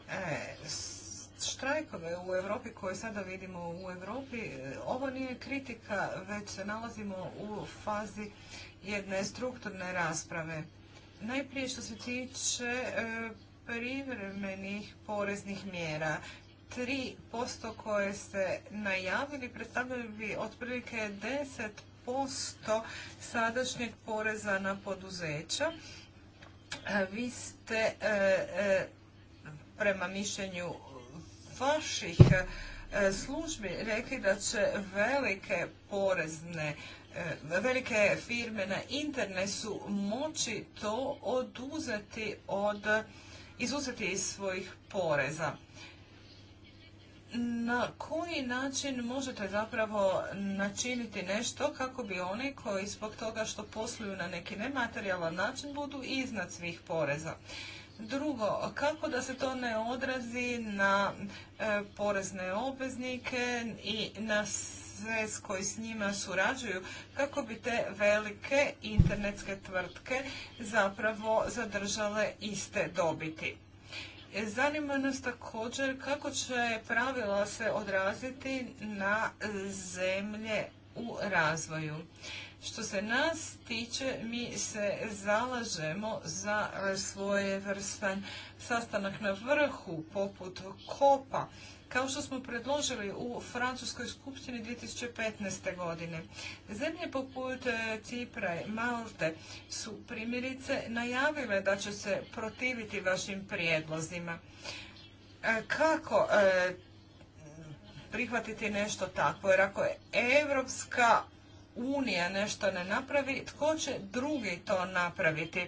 e, štrajkove u Europi koje sada vidimo u Europi, e, ovo nije kritika, već se nalazimo u fazi jedne strukturne rasprave. Najprije što se tiče e, privremenih poreznih mjera, 3% koje ste najavili predstavljaju bi otprilike 10% sadašnjeg poreza na poduzeća. E, vi ste prema mišljenju vaših e, službi rekli da će velike porezne, e, velike firme na internetu moći to oduzeti od, izuzeti iz svojih poreza. Na koji način možete zapravo načiniti nešto kako bi oni koji zbog toga što posluju na neki nematerijalan način budu iznad svih poreza? Drugo, kako da se to ne odrazi na e, porezne obveznike i na sve s koji s njima surađuju, kako bi te velike internetske tvrtke zapravo zadržale iste dobiti. Zanima nas također kako će pravila se odraziti na zemlje u razvoju. Što se nas tiče, mi se zalažemo za svoje vrstan sastanak na vrhu, poput kopa, kao što smo predložili u Francuskoj skupštini 2015. godine. Zemlje poput e, Cipra Malte su primjerice najavile da će se protiviti vašim prijedlozima. E, kako e, prihvatiti nešto takvo? Jer ako je Evropska unija nešto ne napravi, tko će drugi to napraviti?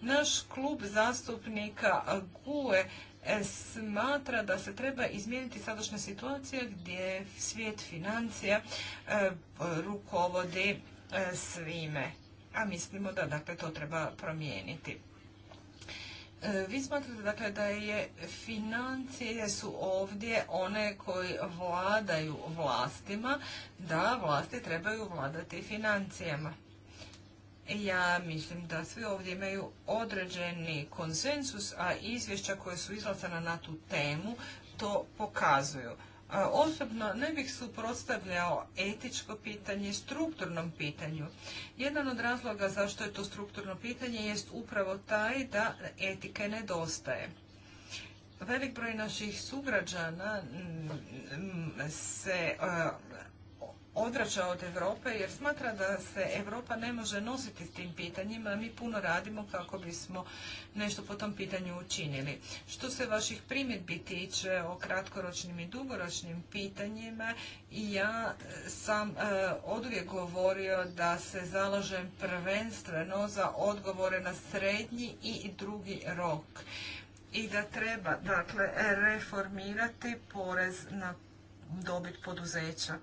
Naš klub zastupnika GUE e, smatra da se treba izmijeniti sadašnja situacija gdje svijet financija e, rukovodi e, svime. A mislimo da dakle to treba promijeniti. E, vi smatrate dakle, da je financije su ovdje one koji vladaju vlastima, da vlasti trebaju vladati financijama. E, ja mislim da svi ovdje imaju određeni konsensus, a izvješća koje su izlazana na tu temu to pokazuju. E, osobno ne bih suprotstavljao etičko pitanje strukturnom pitanju. Jedan od razloga zašto je to strukturno pitanje jest upravo taj da etike nedostaje. Velik broj naših sugrađana mm, mm, se e, odvraća od Europe jer smatra da se Europa ne može nositi s tim pitanjima, mi puno radimo kako bismo nešto po tom pitanju učinili. Što se vaših primjedbi tiče o kratkoročnim i dugoročnim pitanjima, ja e, sam e, oduvijek govorio da se zalažem prvenstveno za odgovore na srednji i drugi rok i da treba dakle reformirati porez na dobit poduzeća.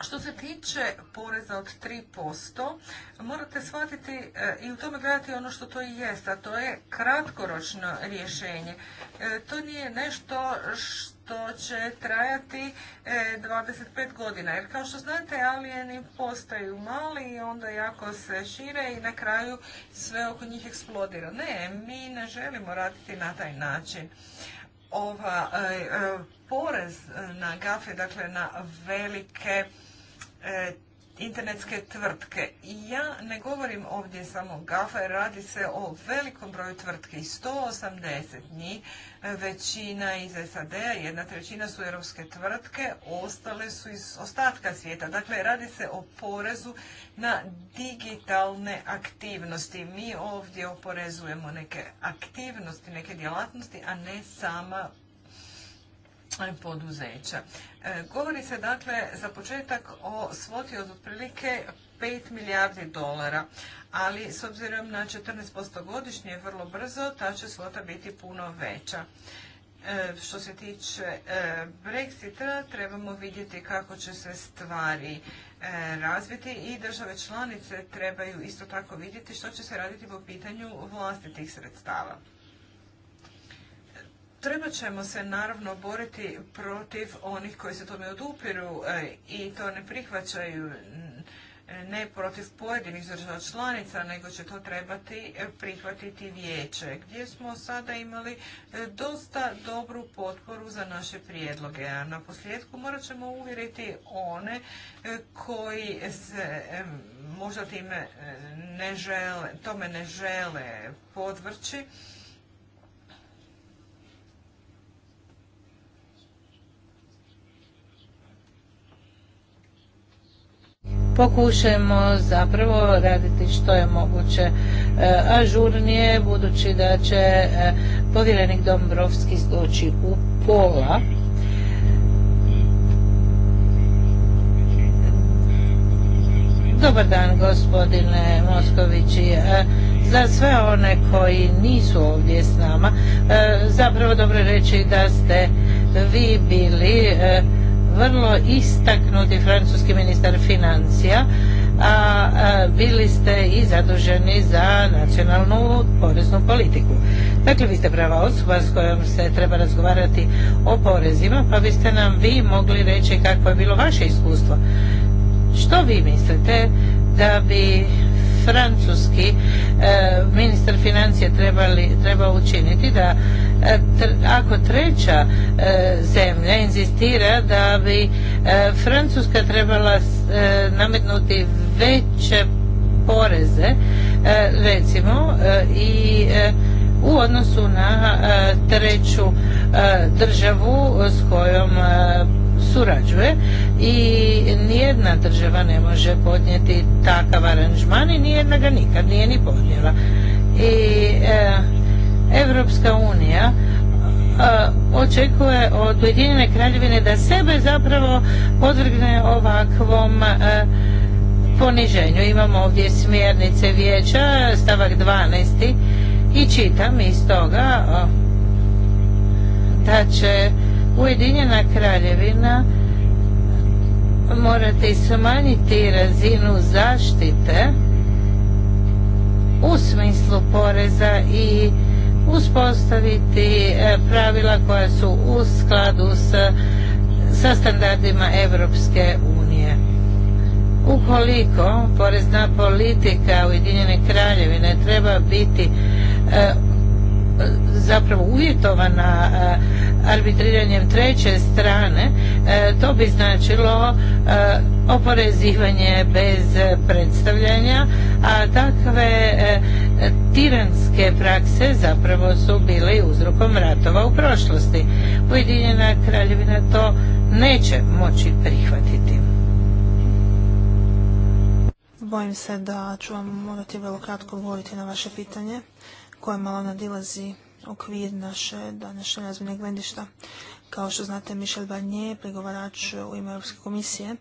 Što se tiče poreza od 3%, morate shvatiti eh, i u tome gledati ono što to i jest, a to je kratkoročno rješenje. Eh, to nije nešto što će trajati 25 eh, godina, jer kao što znate, alijeni postaju mali i onda jako se šire i na kraju sve oko njih eksplodira. Ne, mi ne želimo raditi na taj način ova porez na gafe, dakle na velike E, internetske tvrtke. I ja ne govorim ovdje samo GAFA, jer radi se o velikom broju tvrtki, 180 njih, e, većina iz SAD-a, jedna trećina su europske tvrtke, ostale su iz ostatka svijeta. Dakle, radi se o porezu na digitalne aktivnosti. Mi ovdje oporezujemo neke aktivnosti, neke djelatnosti, a ne sama poduzeća. E, govori se dakle za početak o svoti od otprilike 5 milijardi dolara, ali s obzirom na 14% godišnje vrlo brzo ta će svota biti puno veća. E, što se tiče e, Brexita, trebamo vidjeti kako će se stvari razviti i države članice trebaju isto tako vidjeti što će se raditi po pitanju vlastitih sredstava. Treba ćemo se naravno boriti protiv onih koji se tome odupiru e, i to ne prihvaćaju ne protiv pojedinih država članica, nego će to trebati e, prihvatiti vijeće, gdje smo sada imali e, dosta dobru potporu za naše prijedloge. A na posljedku morat ćemo uvjeriti one koji se možda time ne žele, tome ne žele podvrći pokušajmo zapravo raditi što je moguće e, ažurnije, budući da će e, povjerenik Dombrovski doći u pola. Dobar dan gospodine Moskovići. E, za sve one koji nisu ovdje s nama, zapravo dobro reći da ste vi bili vrlo istaknuti francuski ministar financija, a, bili ste i zaduženi za nacionalnu poreznu politiku. Dakle, vi ste prava osoba s kojom se treba razgovarati o porezima, pa biste nam vi mogli reći kakvo je bilo vaše iskustvo. Što vi mislite da bi francuski e, ministar financija trebali, treba učiniti da e, ako treća e, zemlja inzistira da bi Francuska trebala nametnuti veće poreze recimo i u odnosu na treću državu s kojom surađuje i nijedna država ne može podnijeti takav aranžman i nijedna ga nikad nije ni podnijela. I e, Evropska unija e, očekuje od Ujedinjene kraljevine da sebe zapravo podvrgne ovakvom e, poniženju. Imamo ovdje smjernice vijeća, stavak 12. i čitam iz toga da će Ujedinjena kraljevina morate smanjiti razinu zaštite u smislu poreza i uspostaviti e, pravila koja su u skladu sa standardima Europske unije. Ukoliko porezna politika Ujedinjene kraljevine treba biti e, zapravo uvjetovana e, arbitriranjem treće strane, e, to bi značilo e, oporezivanje bez predstavljanja, a takve e, tiranske prakse zapravo su bile uzrokom ratova u prošlosti. Ujedinjena kraljevina to neće moći prihvatiti. Bojim se da ću vam morati vrlo kratko govoriti na vaše pitanje koje malo nadilazi okvir naše današnje razmjene gledišta. Kao što znate, Michel Barnier, pregovarač u ime Europske komisije,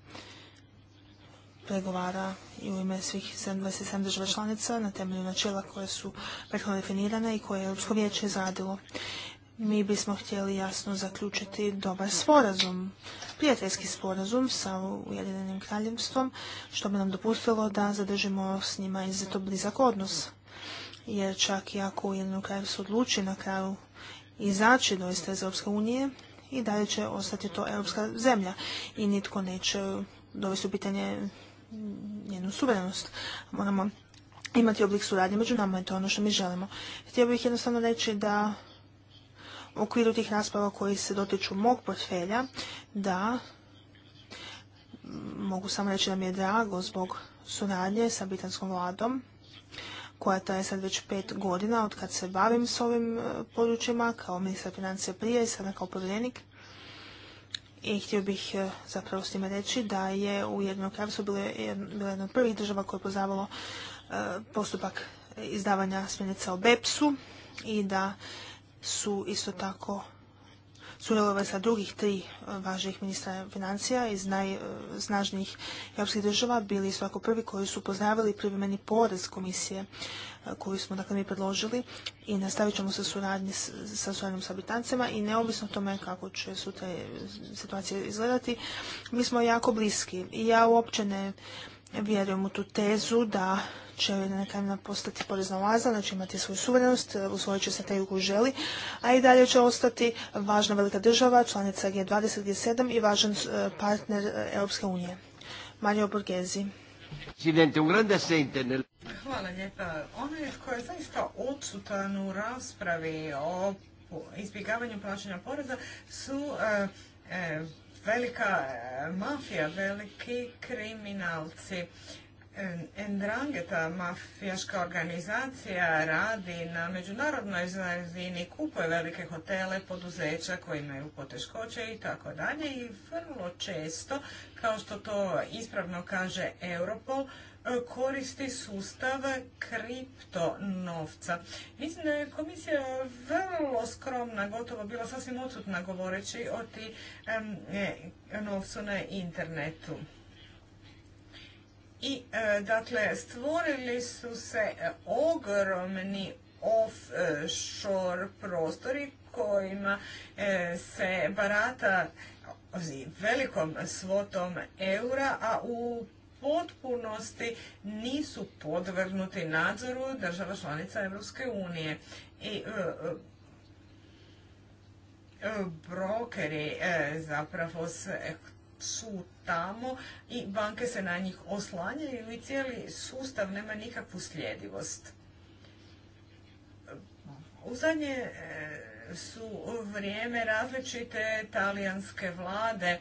pregovara i u ime svih 27 država članica na temelju načela koje su prethodno definirane i koje je Europsko vijeće izradilo. Mi bismo htjeli jasno zaključiti dobar sporazum, prijateljski sporazum sa Ujedinjenim kraljevstvom, što bi nam dopustilo da zadržimo s njima izuzetno blizak odnos jer čak i ako Ujedinjeno se odluči na kraju izaći doista iz Europske unije i dalje će ostati to europska zemlja i nitko neće dovesti u pitanje njenu suverenost. Moramo imati oblik suradnje među nama i to ono što mi želimo. Htio bih jednostavno reći da u okviru tih rasprava koji se dotiču mog portfelja, da mogu samo reći da mi je drago zbog suradnje sa britanskom vladom koja traje sad već pet godina od kad se bavim s ovim e, područjima kao ministar financija prije i sada kao povjerenik. I htio bih e, zapravo s time reći da je u jednom kravstvu e, bila jedna od prvih država koja je poznavalo postupak izdavanja smjenica o BEPS-u i da su isto tako sudjelovali sa drugih tri e, važnijih ministra financija iz najsnažnijih e, europskih država bili su prvi koji su poznavali privremeni porez komisije e, koju smo dakle mi predložili i nastavit ćemo sa suradnji sa suradnjom sa i neovisno tome kako će te situacije izgledati, mi smo jako bliski i ja uopće ne Vjerujem u tu tezu da će neka postati porezna oaza, da će imati svoju suverenost, e, usvojit će se taj koju želi, a i dalje će ostati važna velika država, članica G20, G7 i važan e, partner e, Europske unije. Mario Borghezi. Hvala lijepa. Onaj koje je zaista odsutan u raspravi o izbjegavanju plaćanja poreza su e, velika e, mafija, veliki kriminalci. Endrangeta, mafijaška organizacija, radi na međunarodnoj razini, kupuje velike hotele, poduzeća koji imaju poteškoće i tako dalje i vrlo često, kao što to ispravno kaže Europol, koristi sustav kripto novca. Mislim da je komisija vrlo skromna, gotovo bila sasvim odsutna govoreći o ti e, novcu na internetu. I e, dakle, stvorili su se ogromni offshore prostori kojima e, se barata velikom svotom eura, a u potpunosti nisu podvrgnuti nadzoru država članica EU. unije. I e, e, e, brokeri zapravo su tamo i banke se na njih oslanjaju i cijeli sustav nema nikakvu sljedivost. U zadnje su vrijeme različite talijanske vlade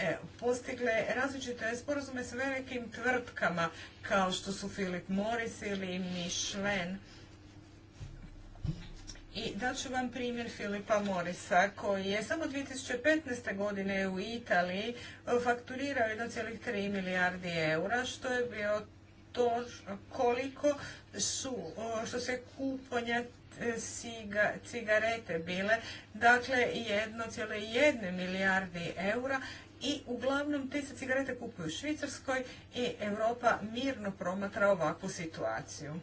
E, postigle različite sporazume s velikim tvrtkama kao što su Philip Morris ili Michelin. I daću vam primjer Filipa Morisa koji je samo 2015. godine u Italiji fakturirao 1,3 milijardi eura što je bio to koliko su što se kuponja e, cigarete bile, dakle 1,1 milijardi eura i uglavnom te se cigarete kupuju u Švicarskoj i Europa mirno promatra ovakvu situaciju.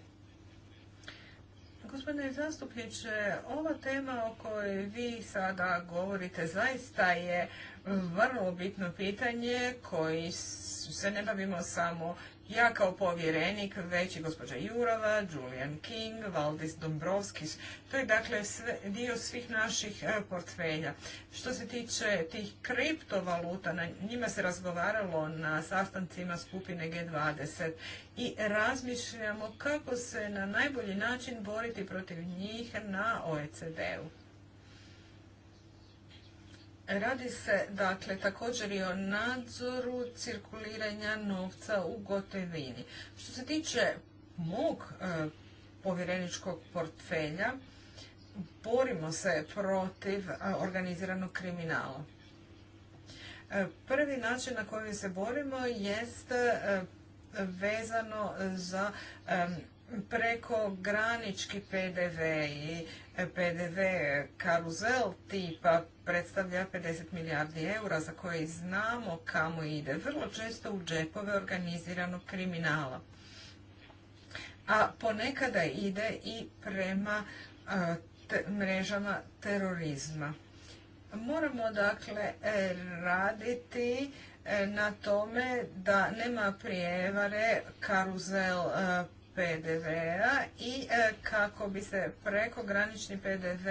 Gospodine zastupniče, ova tema o kojoj vi sada govorite zaista je vrlo bitno pitanje koji se ne bavimo samo ja kao povjerenik, već i gospođa Jurova, Julian King, Valdis Dombrovskis. To je dakle dio svih naših e, portfelja. Što se tiče tih kriptovaluta, na njima se razgovaralo na sastancima skupine G20 i razmišljamo kako se na najbolji način boriti protiv njih na OECD-u. Radi se dakle također i o nadzoru cirkuliranja novca u gotovini. Što se tiče mog e, povjereničkog portfelja, borimo se protiv e, organiziranog kriminala. E, prvi način na koji se borimo jest vezano za preko granički PDV i PDV karuzel tipa predstavlja 50 milijardi eura za koje znamo kamo ide, vrlo često u džepove organiziranog kriminala. A ponekada ide i prema mrežama terorizma. Moramo dakle e, raditi e, na tome da nema prijevare karuzel e, PDV-a i e, kako bi se prekogranični PDV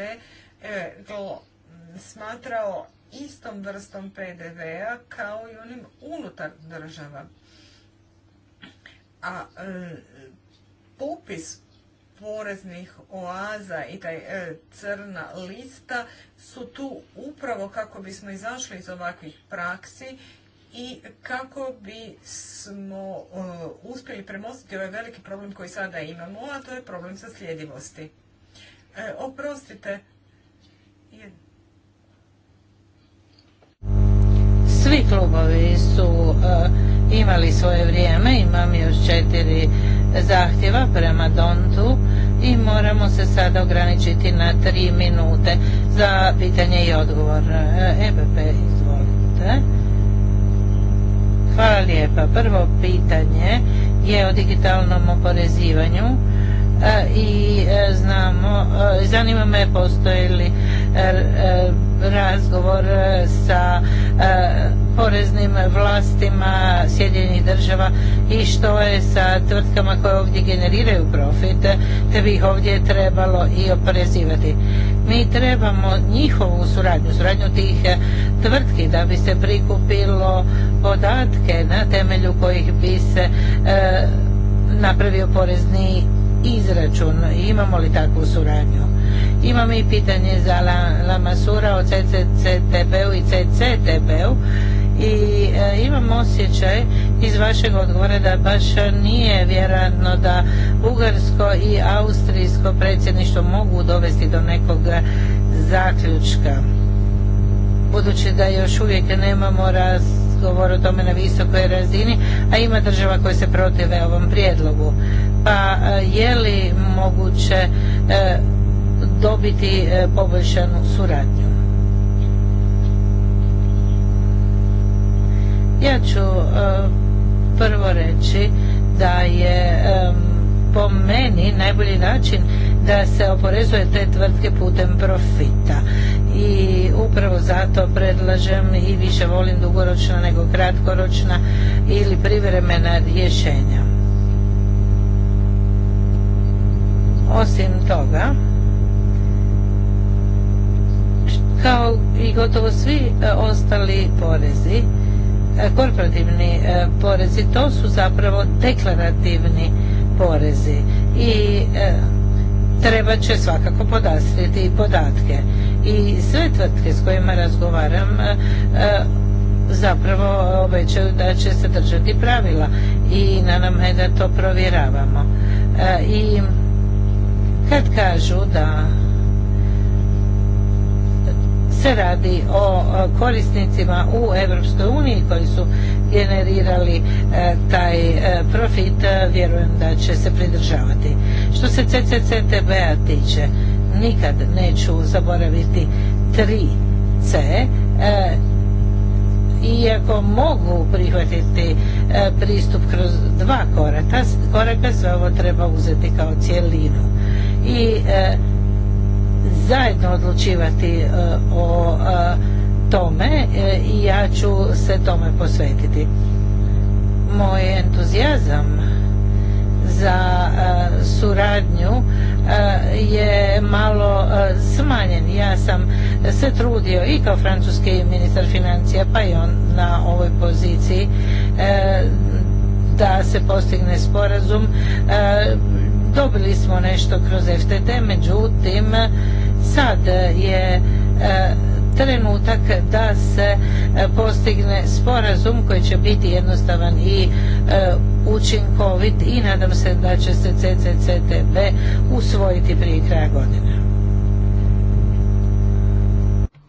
e, smatrao istom vrstom PDV-a kao i onim unutar država. A e, popis poreznih oaza i taj crna lista su tu upravo kako bismo izašli iz ovakvih praksi i kako bi smo e, uspjeli premostiti ovaj veliki problem koji sada imamo, a to je problem sa slijedivosti. E, oprostite. Svi klubovi su e, imali svoje vrijeme, imam još četiri zahtjeva prema Dontu i moramo se sada ograničiti na tri minute za pitanje i odgovor. EBP, izvolite. Hvala lijepa. Prvo pitanje je o digitalnom oporezivanju e, i e, znamo, e, zanima me postoji li razgovor sa poreznim vlastima Sjedinjenih država i što je sa tvrtkama koje ovdje generiraju profit, te bi ih ovdje trebalo i oporezivati. Mi trebamo njihovu suradnju, suradnju tih eh, tvrtki da bi se prikupilo podatke na temelju kojih bi se eh, napravio porezni izračun. Imamo li takvu suradnju? Imam i pitanje za Lamasura o cctb u i CCTB-u i e, imam osjećaj iz vašeg odgovora da baš nije vjerojatno da Bugarsko i Austrijsko predsjedništvo mogu dovesti do nekog zaključka. Budući da još uvijek nemamo razgovor o tome na visokoj razini, a ima država koje se protive ovom prijedlogu. Pa e, je li moguće e, dobiti poboljšanu suradnju? Ja ću e, prvo reći da je e, po meni najbolji način da se oporezuje te tvrtke putem profita i upravo zato predlažem i više volim dugoročna nego kratkoročna ili privremena rješenja. Osim toga, kao i gotovo svi e, ostali porezi, E, korporativni e, porezi, to su zapravo deklarativni porezi i e, treba će svakako podastrijeti i podatke. I sve tvrtke s kojima razgovaram zapravo obećaju da će se držati pravila i na nama je da to provjeravamo. I kad kažu da se radi o korisnicima u Europskoj uniji koji su generirali e, taj e, profit, e, vjerujem da će se pridržavati. Što se CCCTB-a tiče, nikad neću zaboraviti 3C, iako mogu prihvatiti pristup kroz dva koraka, koraka sve ovo treba uzeti kao cijelinu. I zajedno odlučivati e, o e, tome e, i ja ću se tome posvetiti. Moj entuzijazam za suradnju je malo smanjen. Ja sam se trudio i kao francuski ministar financija pa i on na ovoj poziciji da se postigne sporazum dobili smo nešto kroz FTT, međutim sad je e, trenutak da se e, postigne sporazum koji će biti jednostavan i e, učinkovit i nadam se da će se CCCTB usvojiti prije kraja godine.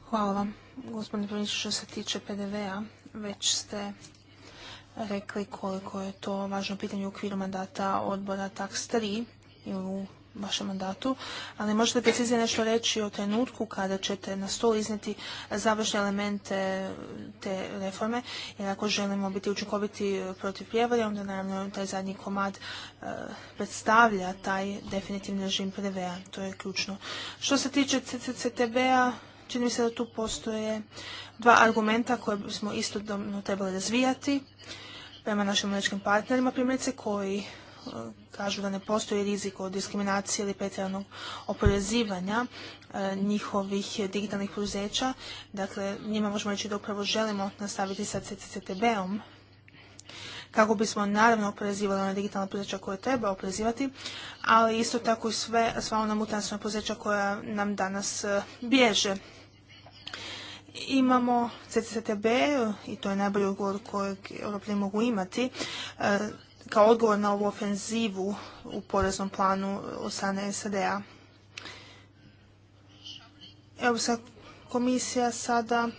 Hvala vam. Gospodine Prvić, što se tiče PDV-a, već ste rekli koliko je to važno pitanje u okviru mandata odbora TAX 3 u vašem mandatu, ali možete preciznije nešto reći o trenutku kada ćete na stol iznijeti završne elemente te reforme, jer ako želimo biti učinkoviti protiv prijevare, onda naravno taj zadnji komad e, predstavlja taj definitivni režim pdv to je ključno. Što se tiče cctb a čini mi se da tu postoje dva argumenta koje bismo istodobno trebali razvijati prema našim američkim partnerima, primjerice koji kažu da ne postoji rizik od diskriminacije ili pretjeranog oporezivanja e, njihovih digitalnih poduzeća. Dakle, njima možemo reći da upravo želimo nastaviti sa cctb om kako bismo naravno oporezivali ona digitalna poduzeća koje treba oporezivati, ali isto tako i sve, sva ona mutansna poduzeća koja nam danas e, bježe. Imamo CCTB i to je najbolji ugovor kojeg Europljani mogu imati. E, kao odgovor na ovu ofenzivu u poreznom planu od strane SAD-a. Europska komisija sada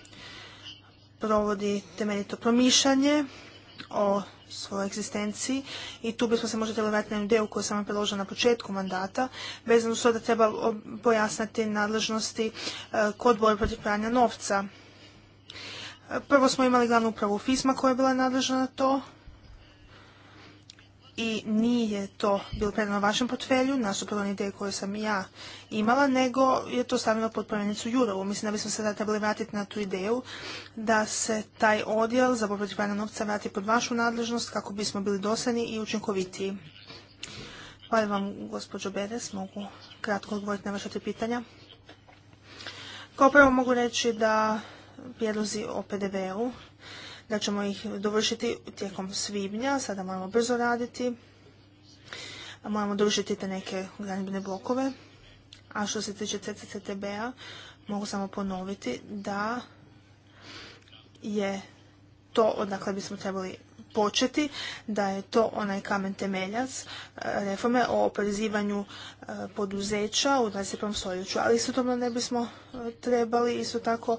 provodi temeljito promišljanje o svojoj egzistenciji i tu bismo se možda trebali vratiti na ideju koju sam vam predložila na početku mandata, vezano uz to da treba pojasniti nadležnosti e, kod borbe protiv pranja novca. E, prvo smo imali glavnu upravu FISMA koja je bila nadležna na to, i nije to bilo predano vašem portfelju, nasuprot one ideje koje sam ja imala, nego je to stavljeno pod promjenicu Jurovu. Mislim da bismo sada trebali vratiti na tu ideju da se taj odjel za borbu pranja novca vrati pod vašu nadležnost kako bismo bili dosadni i učinkovitiji. Hvala vam, gospođo Beres, mogu kratko odgovoriti na vaše tri pitanja. Kao prvo mogu reći da prijedlozi o PDV-u da ćemo ih dovršiti tijekom svibnja, sada moramo brzo raditi, moramo dovršiti te neke granibne blokove. A što se tiče CCCTB-a, mogu samo ponoviti da je to odakle bismo trebali početi, da je to onaj kamen temeljac e, reforme o oporezivanju e, poduzeća u 21. stoljeću. Ali isto ne bismo e, trebali isto tako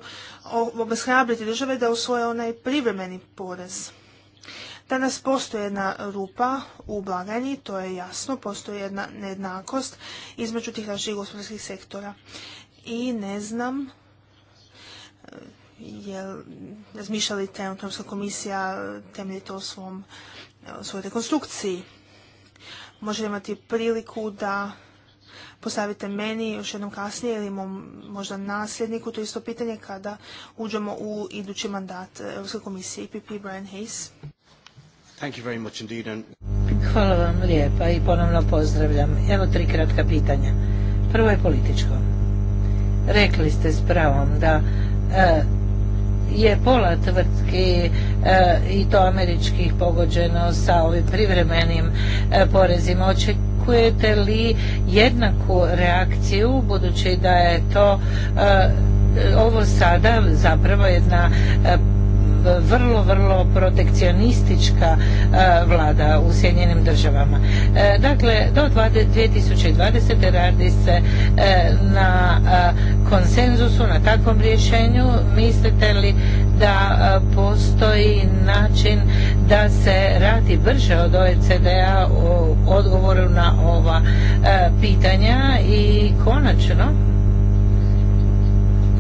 obeshrabriti države da usvoje onaj privremeni porez. Danas postoji jedna rupa u blaganji, to je jasno, postoji jedna nejednakost između tih različitih gospodarskih sektora. I ne znam je li te Europska komisija temeljito o svom, svojoj rekonstrukciji. Možete imati priliku da postavite meni još jednom kasnije ili možda nasljedniku to isto pitanje kada uđemo u idući mandat Europske komisije IPP Brian Hayes. Hvala vam lijepa i ponovno pozdravljam. Evo tri kratka pitanja. Prvo je političko. Rekli ste s pravom da e, je pola tvrtki e, i to američkih pogođeno sa ovim privremenim e, porezima. Očekujete li jednaku reakciju budući da je to e, ovo sada zapravo jedna vrlo, vrlo protekcionistička e, vlada u Sjedinjenim državama. E, dakle, do 2020. radi se e, na konsenzusu, na takvom rješenju. Mislite li da postoji način da se radi brže od OECD-a u odgovoru na ova pitanja i konačno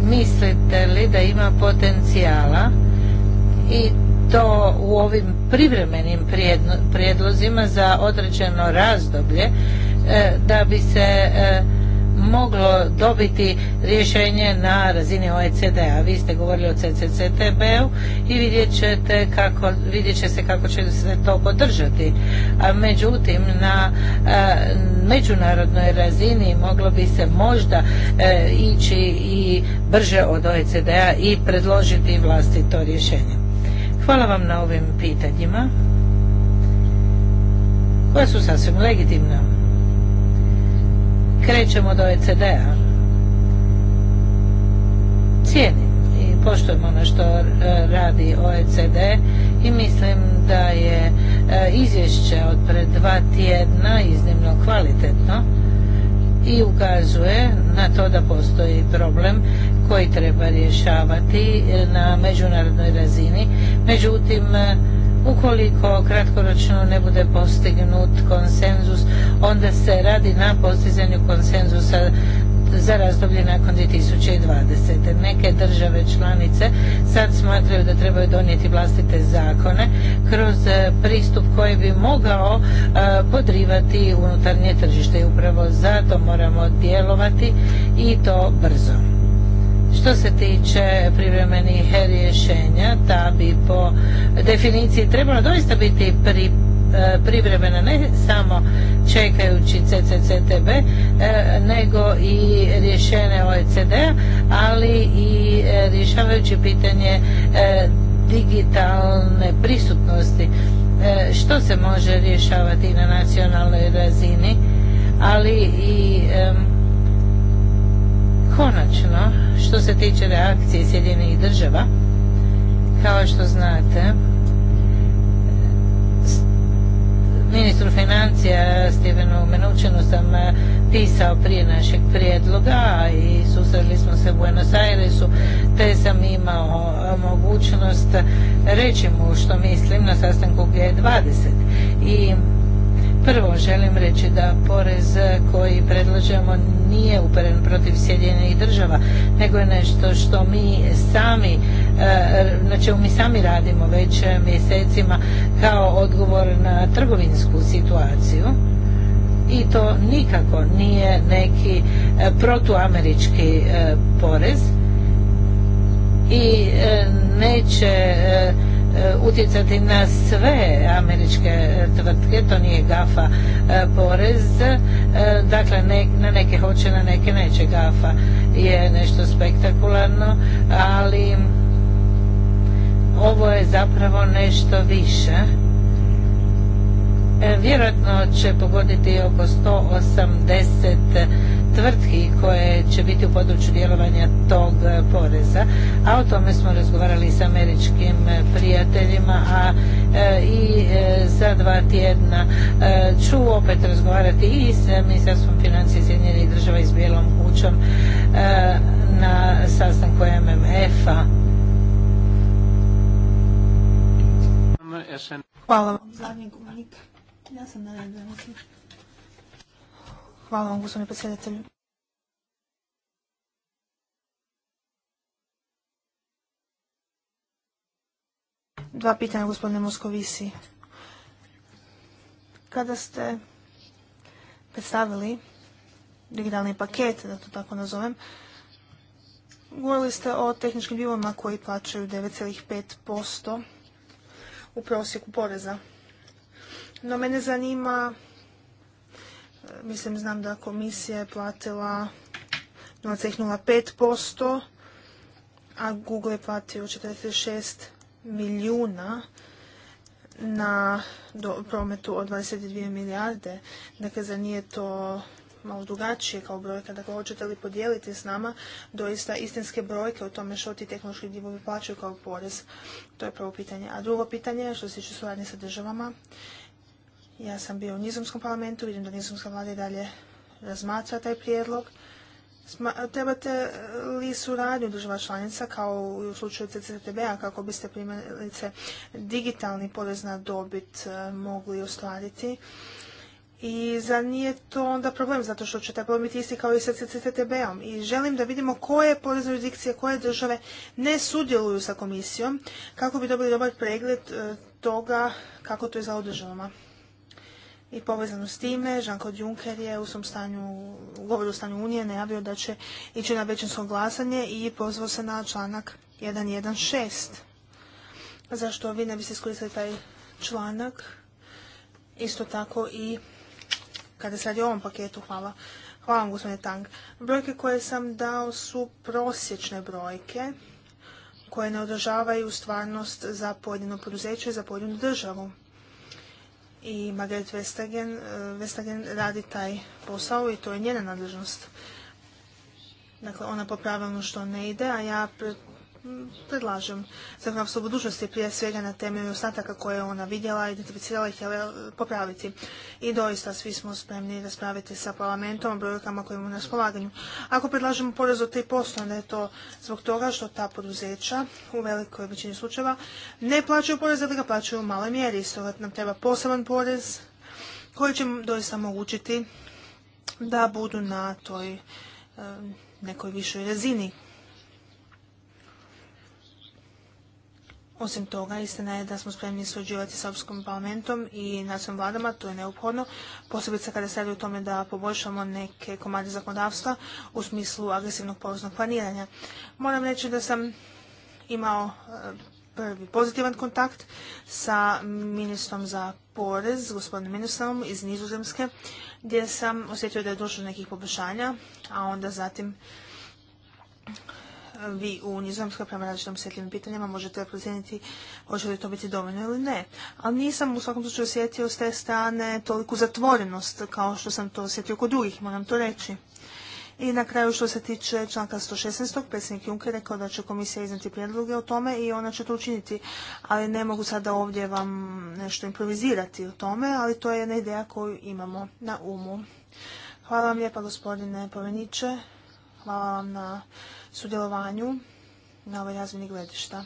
mislite li da ima potencijala i to u ovim privremenim prijedlozima za određeno razdoblje e, da bi se e, moglo dobiti rješenje na razini OECD-a. Vi ste govorili o CCCTB-u i vidjet, ćete kako, vidjet će se kako će se to podržati. A međutim, na e, međunarodnoj razini moglo bi se možda ići i brže od OECD-a i predložiti vlastito rješenje. Hvala vam na ovim pitanjima koja su sasvim legitimna. Krećemo do OECD-a. Cijenim i poštujem ono što e, radi OECD i mislim da je e, izvješće od pred dva tjedna iznimno kvalitetno i ukazuje na to da postoji problem koji treba rješavati e, na međunarodnoj razini. Međutim, e, ukoliko kratkoročno ne bude postignut konsenzus, onda se radi na postizanju konsenzusa za razdoblje nakon 2020. Neke države članice sad smatraju da trebaju donijeti vlastite zakone kroz e, pristup koji bi mogao podrivati unutarnje tržište i upravo zato moramo djelovati i to brzo. Što se tiče privremenih rješenja, ta bi po definiciji trebala doista biti pri, e, privremena ne samo čekajući CCCTB e, nego i rješene OECD-a, ali i e, rješavajući pitanje digitalne prisutnosti što se može rješavati na nacionalnoj razini ali i Konačno, što se tiče reakcije Sjedinjenih država, kao što znate, ministru financija Stevenu Menučinu sam eh, pisao prije našeg prijedloga i susreli smo se u Buenos Airesu te sam imao eh, mogućnost eh, reći mu što mislim na sastanku G20 i Prvo želim reći da porez koji predlažemo nije uperen protiv Sjedinjenih država, nego je nešto što mi sami, e, na čemu mi sami radimo već mjesecima kao odgovor na trgovinsku situaciju i to nikako nije neki e, protuamerički e, porez i neće E, utjecati na sve američke tvrtke, to nije GAFA e, porez, e, dakle na neke hoće, na neke neće GAFA je nešto spektakularno, ali ovo je zapravo nešto više E, vjerojatno će pogoditi oko 180 tvrtki koje će biti u području djelovanja tog poreza. A o tome smo razgovarali s američkim prijateljima, a e, i e, za dva tjedna ću opet razgovarati i s Ministarstvom financije Sjedinjenih država i s Bijelom kućom na sastanku MMF-a. Hvala vam, gospodine predsjedatelju. Dva pitanja, gospodine Moskovisi. Kada ste predstavili digitalni paket, da to tako nazovem, govorili ste o tehničkim bivama koji plaćaju 9,5% u prosjeku poreza. No mene zanima, e, mislim znam da komisija je platila 0,05%, a Google je platio 46 milijuna na prometu od 22 milijarde. Dakle, za nije to malo drugačije kao brojka. Dakle, hoćete li podijeliti s nama doista istinske brojke o tome što ti tehnološki divovi plaćaju kao porez? To je prvo pitanje. A drugo pitanje, što se tiče suradnje sa državama, ja sam bio u nizomskom parlamentu, vidim da nizomska vlada i dalje razmatra taj prijedlog. Trebate li suradnju država članica kao u slučaju CCTB-a kako biste primjerice digitalni porez na dobit e, mogli ostvariti? I za nije to onda problem, zato što će taj problem biti isti kao i sa CCTB-om. I želim da vidimo koje porezne jurisdikcije, koje države ne sudjeluju sa komisijom, kako bi dobili dobar pregled e, toga kako to je za održavama. I povezano s time, Jean-Claude Juncker je u svom stanju, u govoru o stanju Unije najavio da će ići na većinsko glasanje i pozvao se na članak 1.1.6. Zašto vi ne biste iskoristili taj članak? Isto tako i kada se radi o ovom paketu, hvala. Hvala vam, gospodine Tang. Brojke koje sam dao su prosječne brojke koje ne održavaju stvarnost za pojedino poduzeće i za pojedinu državu i Margaret Vestagen, eh, Vestagen radi taj posao i to je njena nadležnost. Dakle, ona po pravilnu što ne ide, a ja predlažem zakonodavstvo budućnosti prije svega na temelju ostataka koje je ona vidjela, identificirala i htjela popraviti. I doista svi smo spremni raspraviti sa parlamentom o brojkama koje imamo na raspolaganju. Ako predlažemo porez od 3%, onda je to zbog toga što ta poduzeća u velikoj većini slučajeva ne plaćaju porez, ali ga plaćaju u maloj mjeri. Stoga nam treba poseban porez koji će doista omogućiti da budu na toj e, nekoj višoj razini Osim toga, istina je da smo spremni surađivati s Europskom parlamentom i nacionalnim vladama, to je neophodno, posebice kada se radi o tome da poboljšamo neke komade zakonodavstva u smislu agresivnog poreznog planiranja. Moram reći da sam imao e, prvi pozitivan kontakt sa ministrom za porez, gospodinom ministrom iz Nizozemske, gdje sam osjetio da je došlo nekih poboljšanja, a onda zatim vi u Nizozemskoj prema različitim osjetljivim pitanjima možete procijeniti hoće li to biti dovoljno ili ne. Ali nisam u svakom slučaju osjetio s te strane toliku zatvorenost kao što sam to osjetio kod drugih, moram to reći. I na kraju što se tiče članka 116. predsjednik Juncker rekao da će komisija iznati prijedloge o tome i ona će to učiniti. Ali ne mogu sada ovdje vam nešto improvizirati o tome, ali to je jedna ideja koju imamo na umu. Hvala vam lijepa gospodine Poveniće. Hvala vam na sudjelovanju na ovoj razmjeni gledišta. E,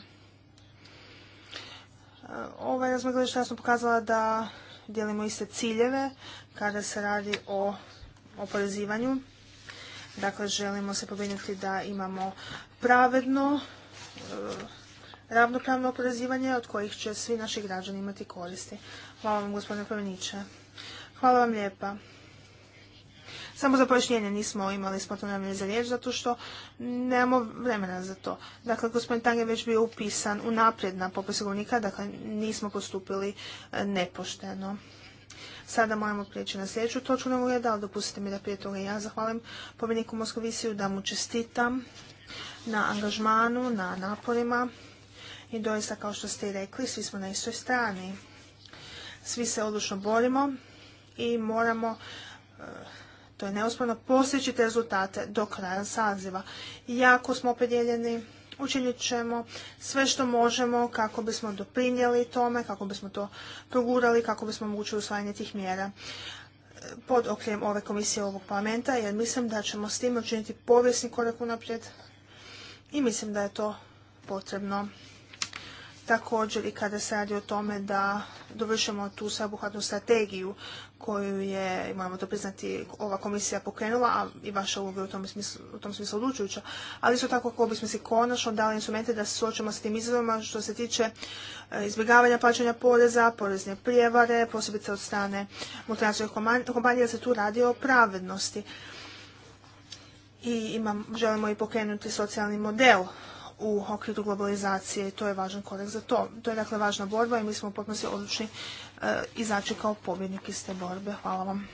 Ova razmjena gledišta sam pokazala da dijelimo iste ciljeve kada se radi o oporezivanju. Dakle, želimo se pobrinuti da imamo pravedno, e, ravnopravno oporezivanje od kojih će svi naši građani imati koristi. Hvala vam, gospodine Pavniče. Hvala vam lijepa. Samo za pojašnjenje nismo imali spontane za riječ zato što nemamo vremena za to. Dakle, gospodin Tang je već bio upisan unaprijed na popis govornika, dakle nismo postupili e, nepošteno. Sada moramo prijeći na sljedeću točku na reda, ali dopustite mi da prije toga ja zahvalim pobjedniku Moskovisiju, da mu čestitam na angažmanu, na naporima i doista kao što ste i rekli, svi smo na istoj strani. Svi se odlučno borimo i moramo e, to je neosporno, postići rezultate do kraja saziva. Jako smo opredjeljeni, učinit ćemo sve što možemo kako bismo doprinijeli tome, kako bismo to progurali, kako bismo omogućili usvajanje tih mjera e, pod okrijem ove komisije ovog parlamenta, jer mislim da ćemo s tim učiniti povijesni korak unaprijed i mislim da je to potrebno također i kada se radi o tome da dovršimo tu sveobuhvatnu strategiju koju je, moramo to priznati, ova komisija pokrenula, a i vaša uloga u tom smislu, odlučujuća. Ali isto tako kako bismo si konačno dali instrumente da se suočimo s tim izazovima što se tiče e, izbjegavanja plaćanja poreza, porezne prijevare, posebice od strane multinacionalnih kompanija, se tu radi o pravednosti. I želimo i pokrenuti socijalni model u okviru globalizacije i to je važan korak za to. To je dakle važna borba i mi smo potpuno odlučni e, izaći kao pobjednik iz te borbe. Hvala vam.